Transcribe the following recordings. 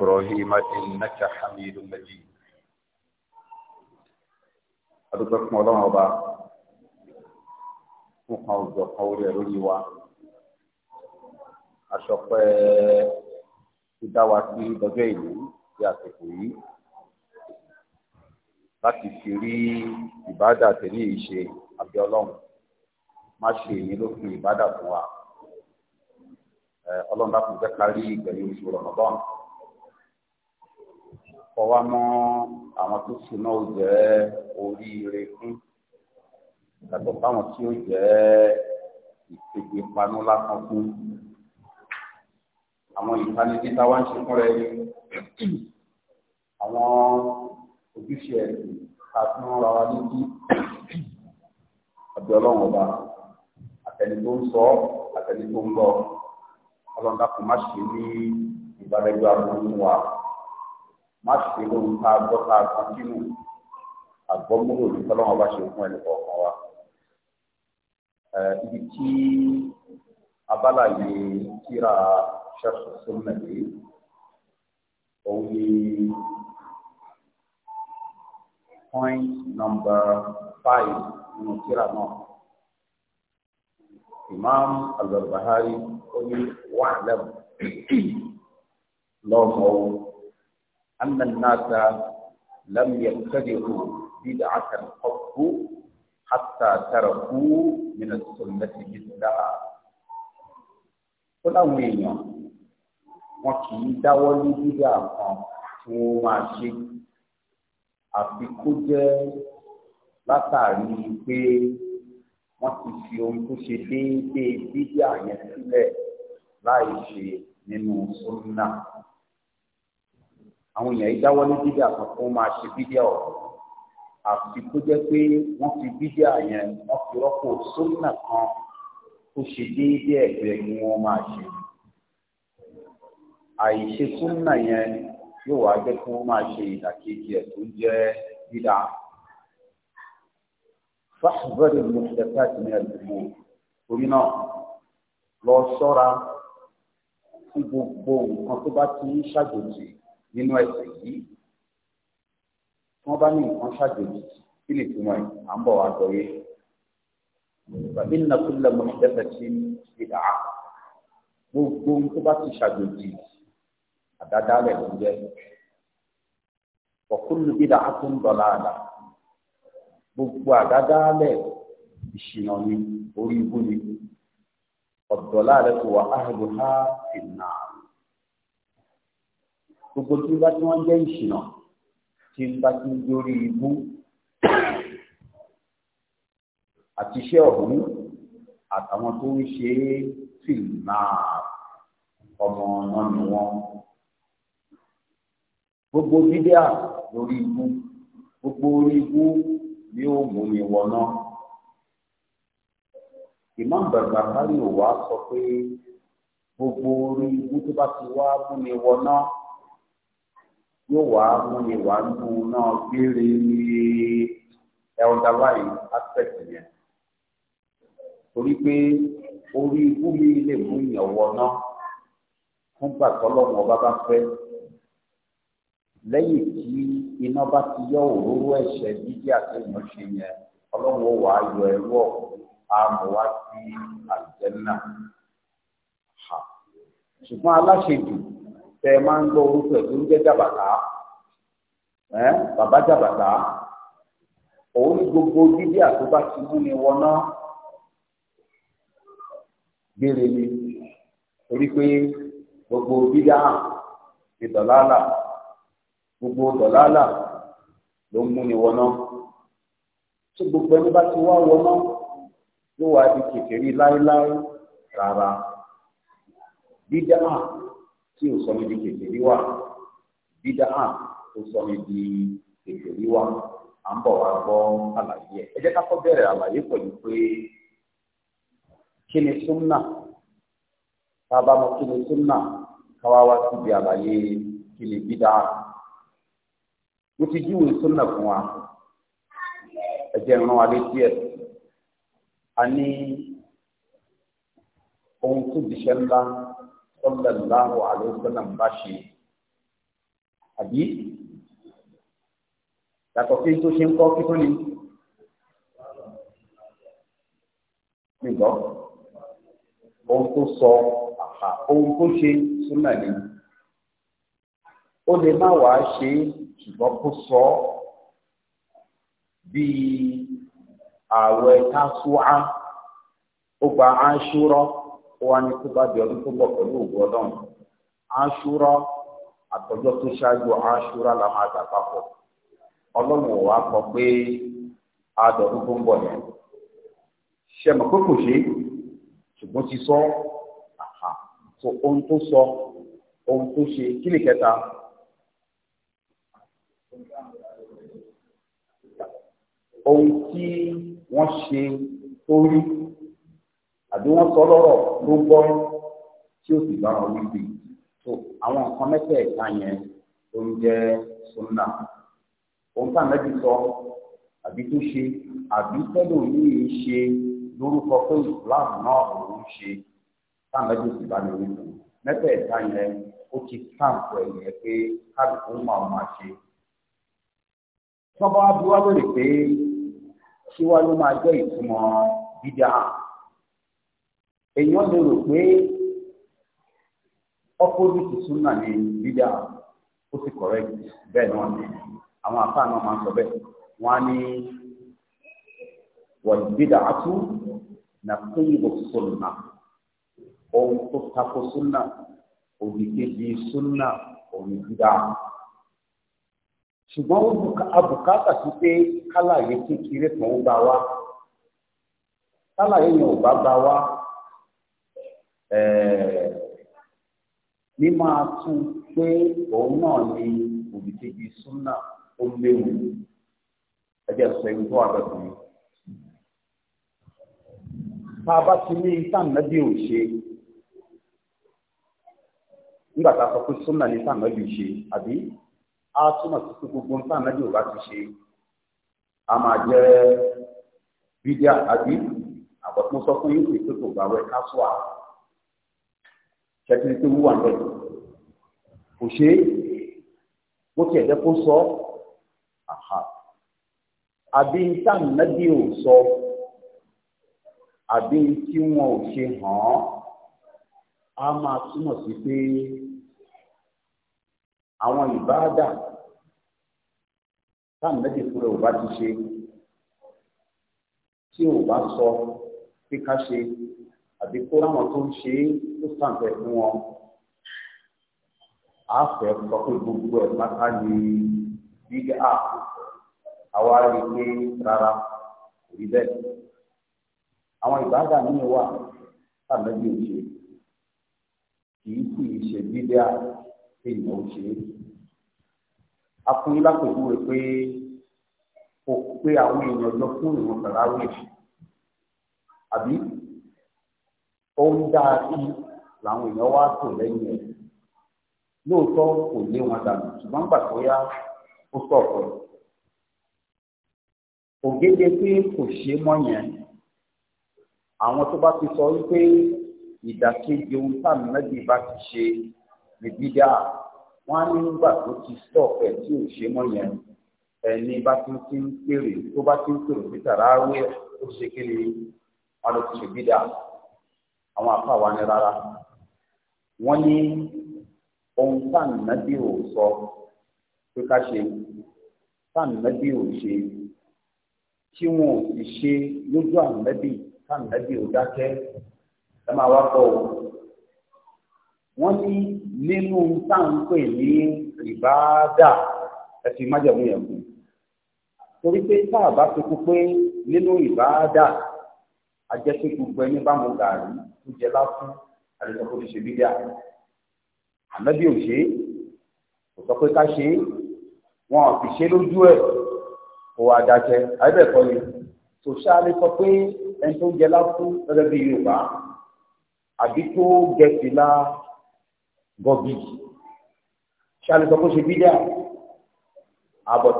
إبراهيم إنك حميد مجيد adúgbò fún ọlọ́run ọba fún kan ọ̀gbọ̀n kan orí ẹ̀rọ yìí wa aṣọpẹ́ ti dá wa sí lọ́jọ́ ìlú tí àsìkò yìí láti fi rí ìbádà tẹ̀lé ìṣe àbí ọlọ́run má ṣe èyí ló fi ìbádà fún wa ọlọ́run bá fún jẹ́ ká ìgbẹ̀yìn oṣù rọ̀mọ́bọ́n kọ́ wa mọ́ àwọn tó sì náà jẹ́ oríire fún yàtọ̀ fáwọn tí ó jẹ́ ìpèdè panu lásán fún àwọn ìtanijí táwa ń ṣe fúnra ẹni àwọn ojúṣe ẹ̀sìn ká tún ra wa létí àbí ọlọ́run ọba àtẹni tó ń sọ àtẹni tó ń lọ ọlọ́run dákun má ṣe ní ìbálẹ́jọ́ àbúrò wa má sì ló ń ta gbọ́ ta kọ́ńtínù àgbọ́múlò ní tọ́lọ́wọ́n bá ṣe fún ẹnì kọ̀ọ̀kan wa. ibi tí abala yìí kíra ṣẹ́fù sọ́nà yìí òun ni point number five nínú kíra náà. Imam Al-Barbahari ó ní wàhálà lọ́mọ́ أن الناس لم يبتدعوا بدعة قط حتى تركوا من السنة مثلها fúnà àwọn èèyàn wọn kì í dáwọ́ ní dídá kan tí wọ́n máa ṣe àfi kó jẹ́ látàrí pé wọ́n ti fi ohun tó ṣe déédéé dídá yẹn sílẹ̀ láì ṣe nínú sunna àwọn èèyàn yìí dáwọ́ ní bídíà kan kó máa ṣe bídíà ọ̀hún àfi kó jẹ́ pé wọ́n fi bídíà yẹn wọ́n fi rọ́pò sómìnà kan tó ṣe déédéé ẹ̀gbẹ́ ni wọ́n máa ṣe àìṣe sómìnà yẹn yóò wá jẹ́ kí máa ṣe ìdàkejì ẹ̀ tó ń jẹ́ bídà fáṣùbẹ́rẹ́ ló ń ṣe káàkiri ní àdúgbò torí náà lọ ṣọ́ra fún gbogbo nǹkan tó bá ti ń ṣàjòjì nínú ẹ̀sìn yìí tí wọ́n bá ní nǹkan ṣàjèjì kí ni ìtumọ̀ ẹ̀ à ń bọ̀ wá gbọ́ yé inna kulla muhdathatin bid'a gbogbo ohun tó bá ti ṣàjòjì àdádálẹ̀ ló ń jẹ́ wa kullu bid'atin dalalah gbogbo àdádálẹ̀ ìṣìnà ni orí ibú ni ọ̀dọ̀lá rẹ̀ kò wá áhùn ha fìnnà gbogbo tí bá tí wọ́n jẹ́ ìṣìnà tí bá tí ń dórí ibú àti iṣẹ́ ọ̀hún àtàwọn tó ń ṣe é sì máa ọmọ ọ̀nà ni wọ́n. gbogbo dídá lórí ibú gbogbo orí ibú ni ó mú mi wọná. Imam Barbahari ò wá sọ pé gbogbo orí ibú tó bá ti wá mú mi wọná yóò wá múni wá nù náà gbére ní elderline aspect yẹn torí pé orí ikú mi lè mú ìyànwọ́ náà fún gbàtọ́lọ́wọ́ bá bá fẹ́ lẹ́yìn tí iná bá ti yọ òróró ẹ̀ṣẹ̀ dídí àti ìmọ̀ṣe yẹn ọlọ́run ó wàá yọ ẹrú ọ̀hún àmọ́ sí àlùjẹ́ náà ṣùgbọ́n aláṣejù tẹ ẹ máa ń gbọ́ orúkọ ẹ̀ tó ń jẹ́ jàbàtà ẹ bàbá jàbàtà òun ní gbogbo dídí àtúbà ti mú ni wọná gbére ni torí pé gbogbo dídá ti dọ̀làlà gbogbo dọ̀làlà ló ń mú ni wọná tí gbogbo ẹni bá ti wá wọná yóò wá di kékeré láéláé rárá dídá tí ò sọ mi di kèfèrí wà dídá hàn tó sọ mi di kèfèrí wà à ń bọ̀ wá gbọ́ àlàyé ẹ̀ ẹ jẹ́ ká kọ́ bẹ̀rẹ̀ àlàyé pẹ̀lú pé kí ni súnà tá a bá mọ̀ kí ni súnà ká wá wá síbi àlàyé kí ni dídá mo ti júwe súnà fún wa ẹ jẹ́ rán wa létí ẹ̀ a ní ohun tó di ńlá sallallahu alaihi wasallam bá ṣe àbí yàtọ̀ sí tó ṣe ń kọ́ kí tó ní gbígbọ́ ohun tó sọ àpá ohun tó ṣe súnà ni ó lè má wàá ṣe ṣùgbọ́n kó sọ bíi ààwẹ̀ tásúà ó gba aṣúrọ́. ó wá ní dị bá di ọdún tó bọ̀ pẹ̀lú òògùn ọlọ́run aṣúra àtọjọ́ tó ṣáájú aṣúra la máa dà papọ̀ ọlọ́run kọ pé adọ̀dún tó ṣe mọ̀ ṣe ṣùgbọ́n ti sọ aha, ohun tó sọ ohun tó ṣe kí ni kẹta. wọ́n ṣe tó àbí wọ́n sọ lọ́rọ̀ ló gbọ́ tí ó sì bá wọn wí bì so àwọn nǹkan mẹ́tẹ̀ẹ̀ta yẹn ló ń jẹ́ sunna ohun tá àmẹ́bí sọ àbí tó ṣe àbí tẹ́lẹ̀ òní yìí ṣe lórúkọ pé islam náà òun ṣe tá àmẹ́bí sì bá mi wí bì mẹ́tẹ̀ẹ̀ta yẹn ó ti kàǹpù ẹ̀yẹ pé kálukú máa máa ṣe tí wọ́n bí wá lórí pé ṣé wá ló máa jẹ́ ìtumọ̀ dídá èèyàn ọ rò pé opposite sunna ni bídà ó sì correct bẹ́ẹ̀ náà ni àwọn àfáà náà máa ń sọ bẹ́ẹ̀ wọ́n á ní na kéyìnbó sunna ohun tó tako sunna òdìkejì sunna òní bídà ṣùgbọ́n abùkátà sí pé kálàyé kékeré kan ó bá wa kálàyé yẹn ò wa. N'ime atún pé òun náà ni òbítẹ́bí súnà ó léwu ẹjẹ sọ ewu tó wà lọ́dún yìí. tá a bá ti ní sànàbí ò ṣe nígbà tá a sọ pé súnà ní sànàbí ò ṣe a sí pé gbogbo sànàbí ò bá ti ṣe a máa jẹ́ bídíà àbí àbọ̀tún sọ fún yín pé kò gbàwé ṣẹ́tìrì pé wúwà ńlẹ̀ kò ṣe é bó tiẹ̀ jẹ́ kó sọ àhà àbí táwọn nẹ́bí ò sọ àbí tí wọn ò ṣe hàn án á máa túmọ̀ sí pé àwọn ìbáàdà táwọn nẹ́bí fúnra ò bá ti ṣe tí ò bá sọ pé ká ṣe àbí kó láwọn tó ń ṣe é tó sàǹfẹ̀ fún wọn àfẹ́ sọ pé gbogbo ẹ̀ pátá ni big app àwa rí i pé rárá kò rí bẹ́ẹ̀ àwọn ìbáàdà míì wà tàbí òṣè kìí sì ṣe bídíà èèyàn òṣè akúnyí lápèjúwe pé kò pé àwọn èèyàn lọ fún ìwọ̀n tàràwì àbí ó ń dá a sí làwọn èèyàn wá tò lẹ́yìn ẹ̀ lóòótọ́ kò lé wọn dànù ṣùgbọ́n gbà tó yá ó sọ̀rọ̀ ògede pé kò ṣe mọ́ yẹn àwọn tó bá ti sọ wípé ìdàkejì ohun táàmì mẹ́bí bá ti ṣe nìbídà wọn á ní nígbà tó ti stop ẹ̀ tí ò ṣe mọ́ yẹn ẹni bá ti ti ń pèrè tó bá ti ń pèrè pété rárá ó ṣe kí ni wọn lọ ti ṣe bídà àwọn àfa wa ni rárá wọ́n ní ohun táǹnàbí ò sọ pé ká ṣe táǹnàbí ò ṣe tí wọn ò sì ṣe lójú àǹnàbí táǹnàbí ò dákẹ́ ẹ máa wá kọ o wọ́n ní nínú táǹpẹ ní ìbáadà ẹ fi májẹ̀mú yẹn kù torí pé tá a bá fi kú pé nínú ìbáadà àjẹsí gbogbo ẹni bá mo gàrí tó jẹ lásán àlejò kò fi ṣe bídíà ànábì ò ṣe kò sọ pé ká ṣe wọn ò fi ṣe lójú ẹ kò wá dájẹ àbẹ̀kọ ni sòṣàlẹ sọ pé ẹni tó jẹ lásán gẹ́gẹ́ bí Yorùbá àbí tó gẹ̀ẹ́sì la gọ́gì ṣàlẹ sọ pé ó ṣe bídíà àbọ̀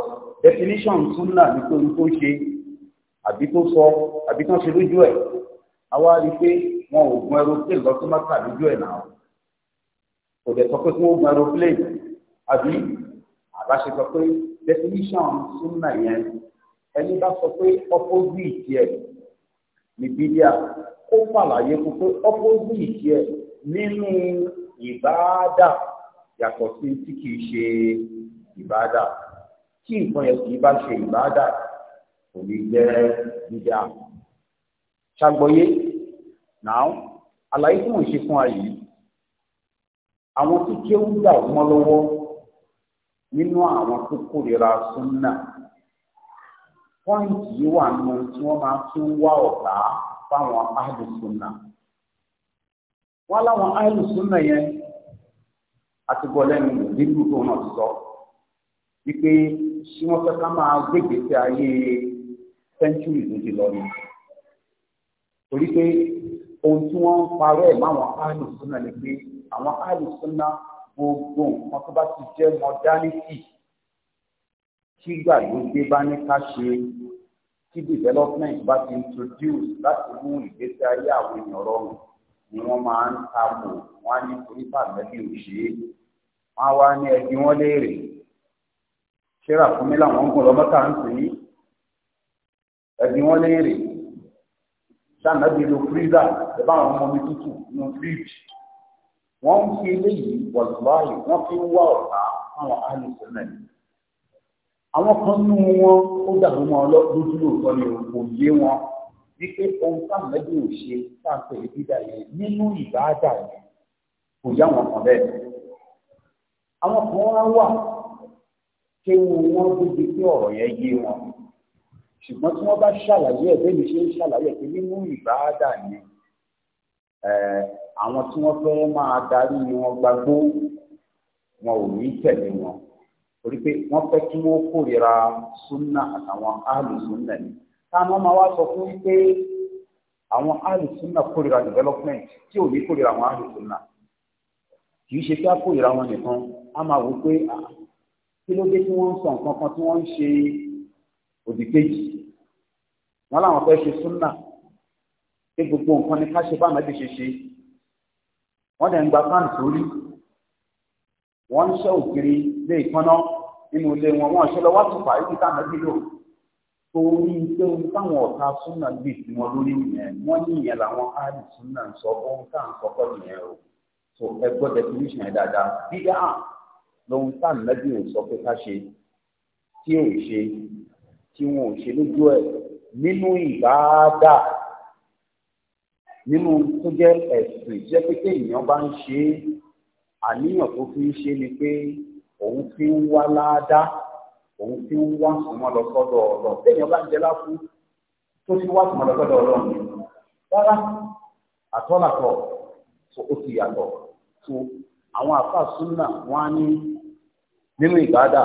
definition sunna ní pé ohun tó ṣe àbí tó sọ àbí tó ṣe lójú ẹ̀ àwa rí i pé wọn ò gun aeroplane lọ sí maka lójú ẹ̀ náà kò dẹ̀ sọ pé kí wọ́n gun aeroplane àbí àbáṣe sọ pé definition súnmọ́ yẹn ẹni bá sọ pé opposite yẹ ní bídíà kó fàlàyé kó pé opposite yẹ nínú ìbáàdà yàtọ̀ sí tí kìí ṣe ìbáàdà tí nǹkan yẹn kìí bá ṣe ìbáàdà kò ní jẹ́ dídá ṣàgbọ́yé náà àlàyé fún wa yìí àwọn tí kéwú gbà wọ́n lọ́wọ́ nínú àwọn tó kórìíra súnà pọ́ǹtì yìí wà nù tí wọ́n máa fi ń wá ọ̀tá fáwọn wọ́n láwọn yẹn àti gbọ́lẹ́nu nínú tó náà sọ wípé sẹ́ńtúrì tó ti lọ ni torí pé ohun tí wọ́n ń parọ́ ẹ̀ máwọn áàlù súnà ni pé àwọn áàlù súnà gbogbo nǹkan tó bá ti jẹ́ mọ́dálítì kígbàgbọ́gbé bá ní ká ṣe tí development bá ti introduce láti mú ìgbésí ayé àwọn èèyàn rọrùn ni wọ́n máa ń ta mọ̀ wọ́n á ní torí bàgbẹ́bí ò ṣe é wọ́n á wá ní ẹbí wọ́n léèrè ṣé ràkúnmí làwọn ń gùn lọ́mọ́ta ń sìn yìí ẹbí wọn léèrè sànàbí lo fírídà ẹbá àwọn ọmọ mi tútù nínú fíríjì wọn ń fi eléyìí wàlúwàyè wọn fi ń wá ọ̀tá àwọn àlùsẹ̀mẹ̀ àwọn kan nú wọn ó dàrú wọn lójú lóòótọ́ ni kò yé wọn wípé ohun sànàbí ò ṣe sáǹpẹ̀ ìdídà yẹn nínú ìbáàdà yẹn kò yá wọn kan bẹ́ẹ̀ àwọn kan wá wà kéwu wọn gbé gbé ọ̀rọ̀ yẹn yé wọn ṣùgbọ́n tí wọ́n bá ṣàlàyé ẹ̀ bẹ́ẹ̀ ni ṣe ń ṣàlàyé pé nínú ìbáàdà ni àwọn tí wọ́n fẹ́ máa darí wọn gbagbó wọn ò ní tẹ̀lé wọn torí pé wọ́n fẹ́ kí wọ́n kórìíra súnà àtàwọn áàlù súnà ni táwọn máa wá sọ fún wípé àwọn áàlù súnà kórìíra development tí ò ní kórìíra àwọn áàlù súnà kì í ṣe kí á kórìíra wọn nìkan á máa wò pé ah, kí ló dé tí wọ́n ń sọ nǹkan kan tí wọ́n ń ṣe òdì wọn làwọn fẹ́ ṣe súnà pé gbogbo nǹkan ni ká ṣe bá ànábì ṣe ṣe wọn dẹ̀ ń gba fáàn sórí wọn ń ṣe òkiri lé ìkànnà nínú ilé wọn wọn ṣe lọ wá tùpà ibi tá ànábì lò torí pé ohun táwọn ọ̀tá súnà gbè sí wọn lórí nìyẹn wọn ní ìyẹn làwọn áàlì súnà ń sọ ohun tá à ń kọ́kọ́ nìyẹn o so ẹ gbọ́ definition ẹ dáadáa bíyà lóhun tá ànábì ò sọ pé ká ṣe tí ò ṣe tí wọn ò ṣe lójú ẹ̀ nínú ìbáadà nínú tó jẹ́ ẹ̀sìn jẹ́ pé téèyàn bá ń ṣe é àníyàn tó fi ń ṣe ni pé òun fi ń wá ládàá òun fi ń wá sùnmọ́ lọ sọ́dọ̀ ọ̀lọ́ téèyàn bá ń jẹ láfú tó fi wá sùnmọ́ lọ sọ́dọ̀ ọ̀lọ́ rárá àtọ́làtọ̀ ó ti yàtọ̀ tó àwọn àfáà súnà wọn á ní nínú ìbáadà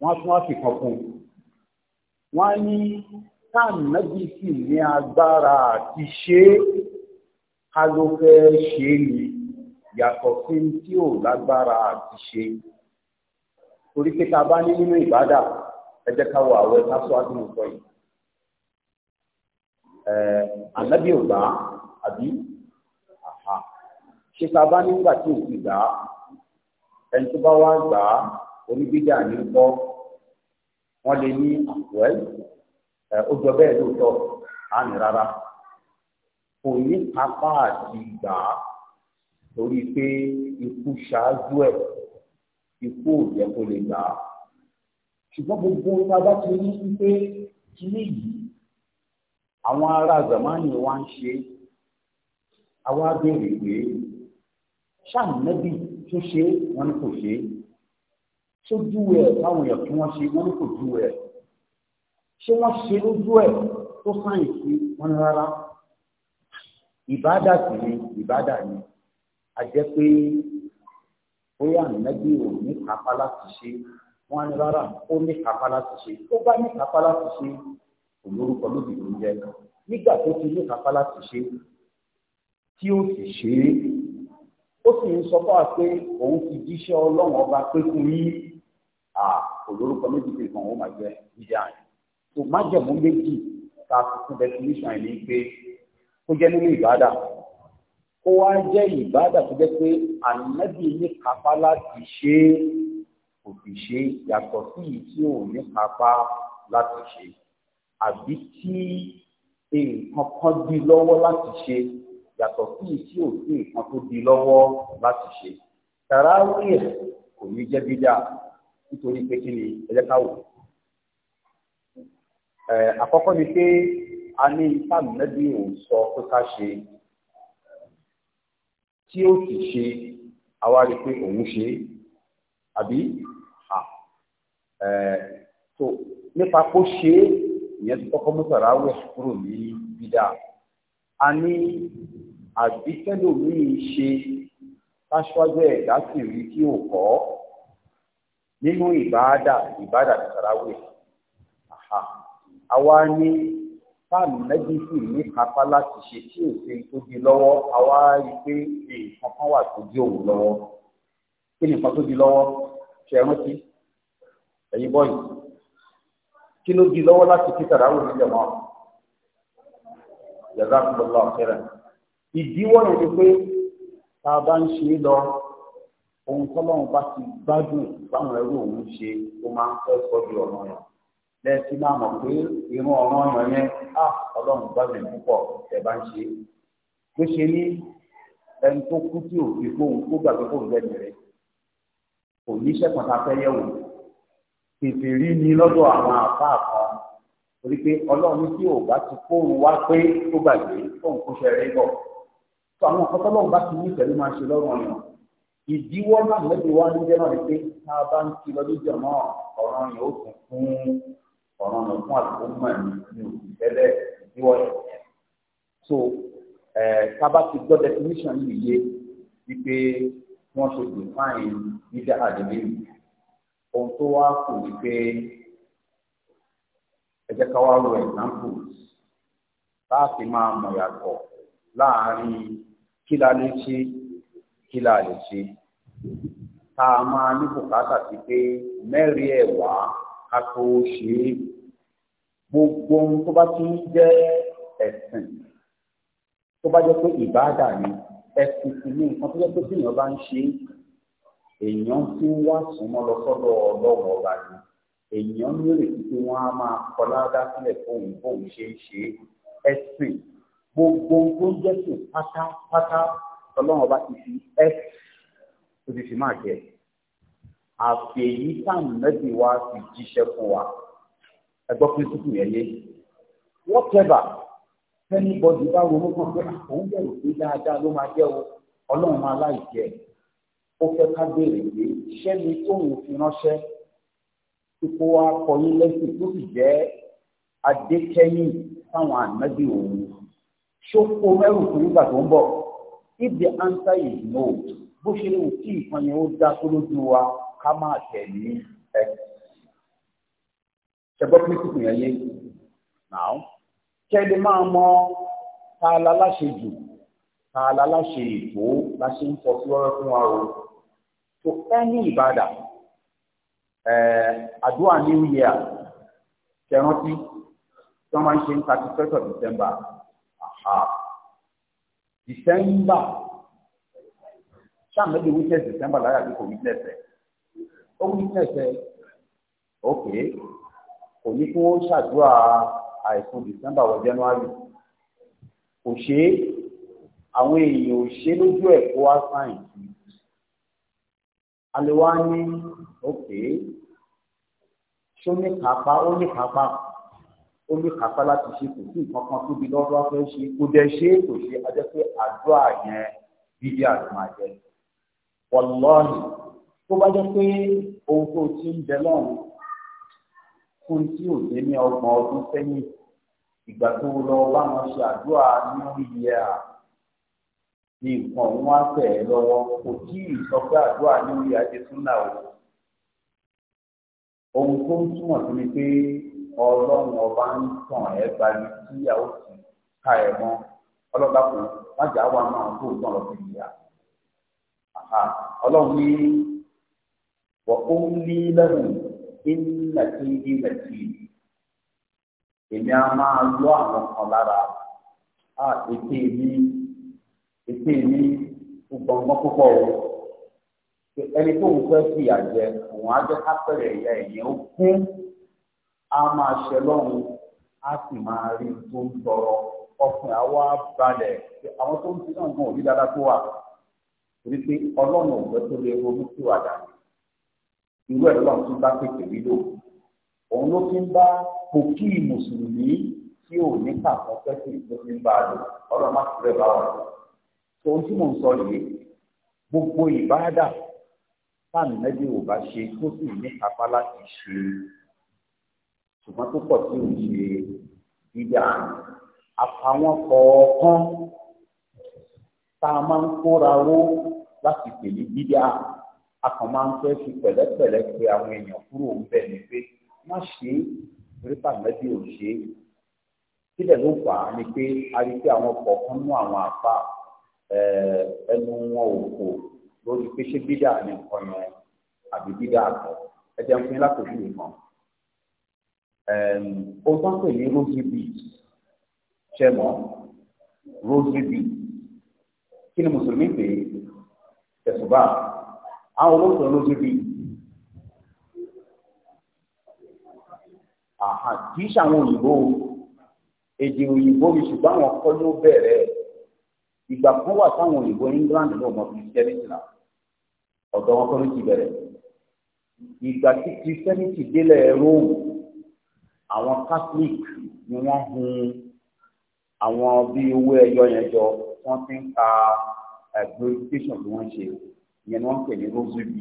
wọn á tún wá fi kan kún un wọ́n ní táàmì sì ní agbára àti ṣe ká ló fẹ́ ṣe ni yàtọ̀ sí tí ò lágbára àti ṣe torí pé ta bá ní nínú ìbádà ẹ jẹ́ ká wọ àwẹ̀ ká sọ àdúgbò sọ yìí ànábì ò gbà àbí ṣe ta bá nígbà tí ò sì gbà ẹni tó bá wá gbà onígbèjà ní kọ́ wọ́n lè ní wẹ́ẹ́ ó jọ bẹ́ẹ̀ lóòótọ́ àmì rárá kò ní apá àti ìgbà torí pé ikú ṣáájú ẹ̀ ikú ò yẹ kó lè gbà á ṣùgbọ́n gbogbo ọba bá ti ní pé kíní yìí àwọn ará zamani wa ń ṣe àwa béèrè pé ṣáà nẹ́bí tó ṣe wọ́n ní kò ṣe é sójú ẹ̀ táwọn èèyàn tí wọ́n ṣe wọ́n ní kò ju ẹ̀ ṣé wọ́n ṣe lójú ẹ̀ tó sáyìn sí wọn rárá ìbádà sì ni ìbádà ni a jẹ́ pé bóyá ànágbé ò ní kápá láti ṣe wọn ni rárá ó ní kápá láti ṣe ó bá ní kápá láti ṣe kò lórúkọ lóbi ló ń jẹ nígbà tó ti ní kápá láti ṣe tí ó sì ṣe é ó sì ń sọ fún wa pé òun ti jíṣẹ́ ọlọ́run ọba pé fún yín olórúkọ méjì pé kan ó máa jẹ jíjẹ àyàn tó májẹ̀mú méjì ta fún definition ẹ̀ ní pé kó jẹ́ nínú ìbádà kó wá jẹ́ ìbádà tó jẹ́ pé ànábì ní kápá láti ṣe é kò fi ṣe yàtọ̀ sí ìyí tí ò ní kápá láti ṣe àbí tí nǹkan kan di lọ́wọ́ láti ṣe yàtọ̀ sí ìtí òsì nǹkan tó di lọ́wọ́ láti ṣe tàràwí ẹ̀ kò ní jẹ́ bídà nítorí pé kí ni ẹ jẹ́ ká wò. àkọ́kọ́ ni pé a ní ipa mẹ́bí òun sọ pé ká ṣe tí ó sì ṣe àwa rí i pé òun ṣe é àbí tó nípa kó ṣe é ìyẹn ti kọ́kọ́ mú tàràwí ẹ̀ kúrò ní bídà a ní àbí tẹ́lòmíì ṣe aṣáájú ẹ̀dá sì rí tí o kọ́ nínú ìbáàdà ìbáàdà tàràwé àwa ní táàmù mẹ́dísì ní kápá láti ṣe tí ò ṣe tó di lọ́wọ́ àwa rí pé nǹkan kan wà tó di òun lọ́wọ́ kí nǹkan tó di lọ́wọ́ ṣe rántí ẹ̀yin bọ́ọ̀lù kí ló di lọ́wọ́ láti kí tàràwé níjọba jazakumullahu khairan ìdíwọ́ yẹn ni pé tá a bá ń ṣe é lọ ohun tọ́lọ́run bá ti gbádùn báwọn ẹrú òun ṣe ó máa ń fẹ́ sọ́jú ọ̀nà yẹn lẹ́sìn máa mọ̀ pé irun ọ̀ràn yẹn yẹn á ah, ọlọ́run gbádùn púpọ̀ tẹ̀ bá ń ṣe é ló ṣe ní ẹni tó kú tí ò fi fóun kó gbàgbé fóun lẹ́nu rẹ̀ kò níṣẹ́ kan tá a fẹ́ yẹ̀wò tètè rí ni lọ́dọ̀ àwọn àfáà kan torí pé ọlọ́run tí ò bá ti fóun wá pé kó gbàgbé fóun kó ṣe rẹ́ bọ̀ sọ àwọn nǹkan tọ́lọ́run bá ti ní ìfẹ́ ló máa ṣe lọ́rùn ọ̀nà ìdíwọ́ náà lẹ́bi wá ní jẹ́ náà ni pé tá a bá ń kí lọ lójú ọ̀nà ọ̀ràn yẹn ó tún fún ọ̀ràn yẹn fún àdúgbò mọ̀ ní òkú tẹ́lẹ̀ ìdíwọ́ yẹn. so tá a bá ti gbọ́ definition yìí yé wípé wọ́n ṣe define nídà àdìmí ohun tó wá kù ni pé ká wá lo examples tá máa mọ̀ yàtọ̀ láàárín kí la lè ṣe kí la lè ṣe tá a máa ní bùkátà sí pé mẹ́rin ẹ̀ wá ká tó ṣe é gbogbo ohun tó bá ti ń jẹ́ ẹ̀sìn tó bá jẹ́ pé ìbáàdà ni ẹ̀sìn sì ni nǹkan tó jẹ́ pé tí èèyàn bá ń ṣe èèyàn ti ń wá súnmọ́ lọ sọ́dọ̀ ọlọ́wọ́ ọba ni èèyàn nírètí pé wọ́n á máa kọ́ sílẹ̀ fóun bóun ṣe ń ṣe ẹ̀sìn gbogbo tó ń jẹ́sìn pátápátá ọlọ́run ọba ti fi x tó ti fi máa jẹ àfẹ̀yí sàmùmẹ́bí wa ti jíṣẹ́ fún wa ẹgbọ́ pírísìpù yẹn yé wọ́tẹ́bà fẹ́ni bọ́dì bá ronú kan pé àwọn ah, bẹ̀rù pé dáadáa ló máa jẹ́ o ọlọ́run máa láì jẹ ó fẹ́ ká béèrè pé iṣẹ́ mi tóun fi ránṣẹ́ ipò akọyín lẹ́sìn tó sì jẹ́ adékẹ́yìn fáwọn ànábì òun ṣókó ẹrù fún nígbà tó ń bọ̀ if the answer is no bó ṣe lè wò kí ìkan yẹn ó dá tó lójú wa ká máa tẹ̀lé ẹ. ṣẹgbọ́n pínpín yẹn yé now kẹ́ni máa mọ ta la láṣẹ jù ta la láṣẹ ètò la ṣe ń sọ sí ọ̀rọ̀ fún wa o to any ìbàdà àdúrà new year kẹrántí tí wọ́n máa ń ṣe ní thirty first of December ashab december sáàmì ẹbí witness december lára àbí kò witness ẹ ó witness ẹ ok kò ní kí wọ́n ṣàdúrà àìsàn december wọ january kò ṣe é àwọn èèyàn ò ṣe lójú ẹ̀ kó wá sáyìn alẹ́ wá ní ok ṣó ní kápá ó ó lè kápá láti ṣe kò sí nǹkan kan tóbi lọ́dọ́ fẹ́ ṣe kó dẹ ṣe é kò ṣe ajẹ́ pé àdúrà yẹn bíbí àdúrà jẹ. wọ́lọ́ọ̀nì tó bá jẹ́ pé ohun tó ti ń bẹ lọ́run fún tí ò dé ní ọgbọ̀n ọdún sẹ́yìn ìgbà tó lọ bá ṣe àdúrà nínú ìyẹ́ à ní nǹkan òun wá tẹ̀ ẹ́ lọ́wọ́ kò tí ì sọ pé àdúrà nínú ìyá ti tún náà ohun tó ń túmọ̀ sí ni pé. ọlọ́run ọba ń tàn ẹ́ balẹ̀ tíyàwó sì ká ẹ̀ mọ́ ọlọ́ba kò májà wà máa tó tán lọ sí ìyá ọlọ́run ní wọ́n ó ń lé lẹ́hìn ìnà tí èmi á máa lọ àwọn kan lára mi mi gbọ̀ngàn púpọ̀ o ẹni tó a máa ṣẹ lọ́hùn a sì máa rí tó ń tọrọ ọkùnrin àwa balẹ̀ àwọn tó ń ti náà gan òbí dáadáa tó wà torí pé ọlọ́run òwe tó lè ronú sí wàdà irú ẹ̀ lọ́run tún bá pèsè lílo òun ló fi ń bá pòkí mùsùlùmí tí ò ní kàkọ́ fẹ́sì ló fi ń bá a lò ọlọ́run má ti rẹ̀ bá wà lọ. ohun tí mò ń sọ yìí gbogbo ìbáàdà táàmì mẹ́jọ ò bá ṣe tó sì ní kápá láti ṣe ṣùgbọ́n tó pọ̀ tí ò ṣe dídá àtàwọn kọ̀ọ̀kan tá a máa ń kóra wó láti pèlè dídá a kàn máa ń fẹ́ fi pẹ̀lẹ́pẹ̀lẹ́ pe àwọn èèyàn kúrò ń bẹ̀ ni pé má ṣe é rípa mẹ́bí ò ṣe é síbẹ̀ ló fà á ni pé a rí pé àwọn kọ̀ọ̀kan mú àwọn àfa ẹnu wọn ò kò lórí pé ṣé bídà ni nǹkan yẹn àbí bídà kọ ẹ jẹun fún yín lákòókò yìí ó tán pè ní rosy bead ṣe mọ́ rosy bead kí ni mùsùlùmí pè é ẹ̀sùbà àwọn olóòtú rosy bead kì í ṣàwọn òyìnbó èdè òyìnbó mi ṣùgbọ́n àwọn kọ́ ló bẹ̀rẹ̀ ìgbà kan wà táwọn òyìnbó England náà mọ Christianity náà ọ̀dọ̀ wọn kọ́ ló ti bẹ̀rẹ̀ ìgbà tí Christianity délẹ̀ Rome àwọn catholic ni wọ́n hun àwọn bíi owó ẹyọ yẹn jọ wọ́n ti ń ka glorification tí wọ́n ṣe ìyẹn ni wọ́n ń pè ní rosary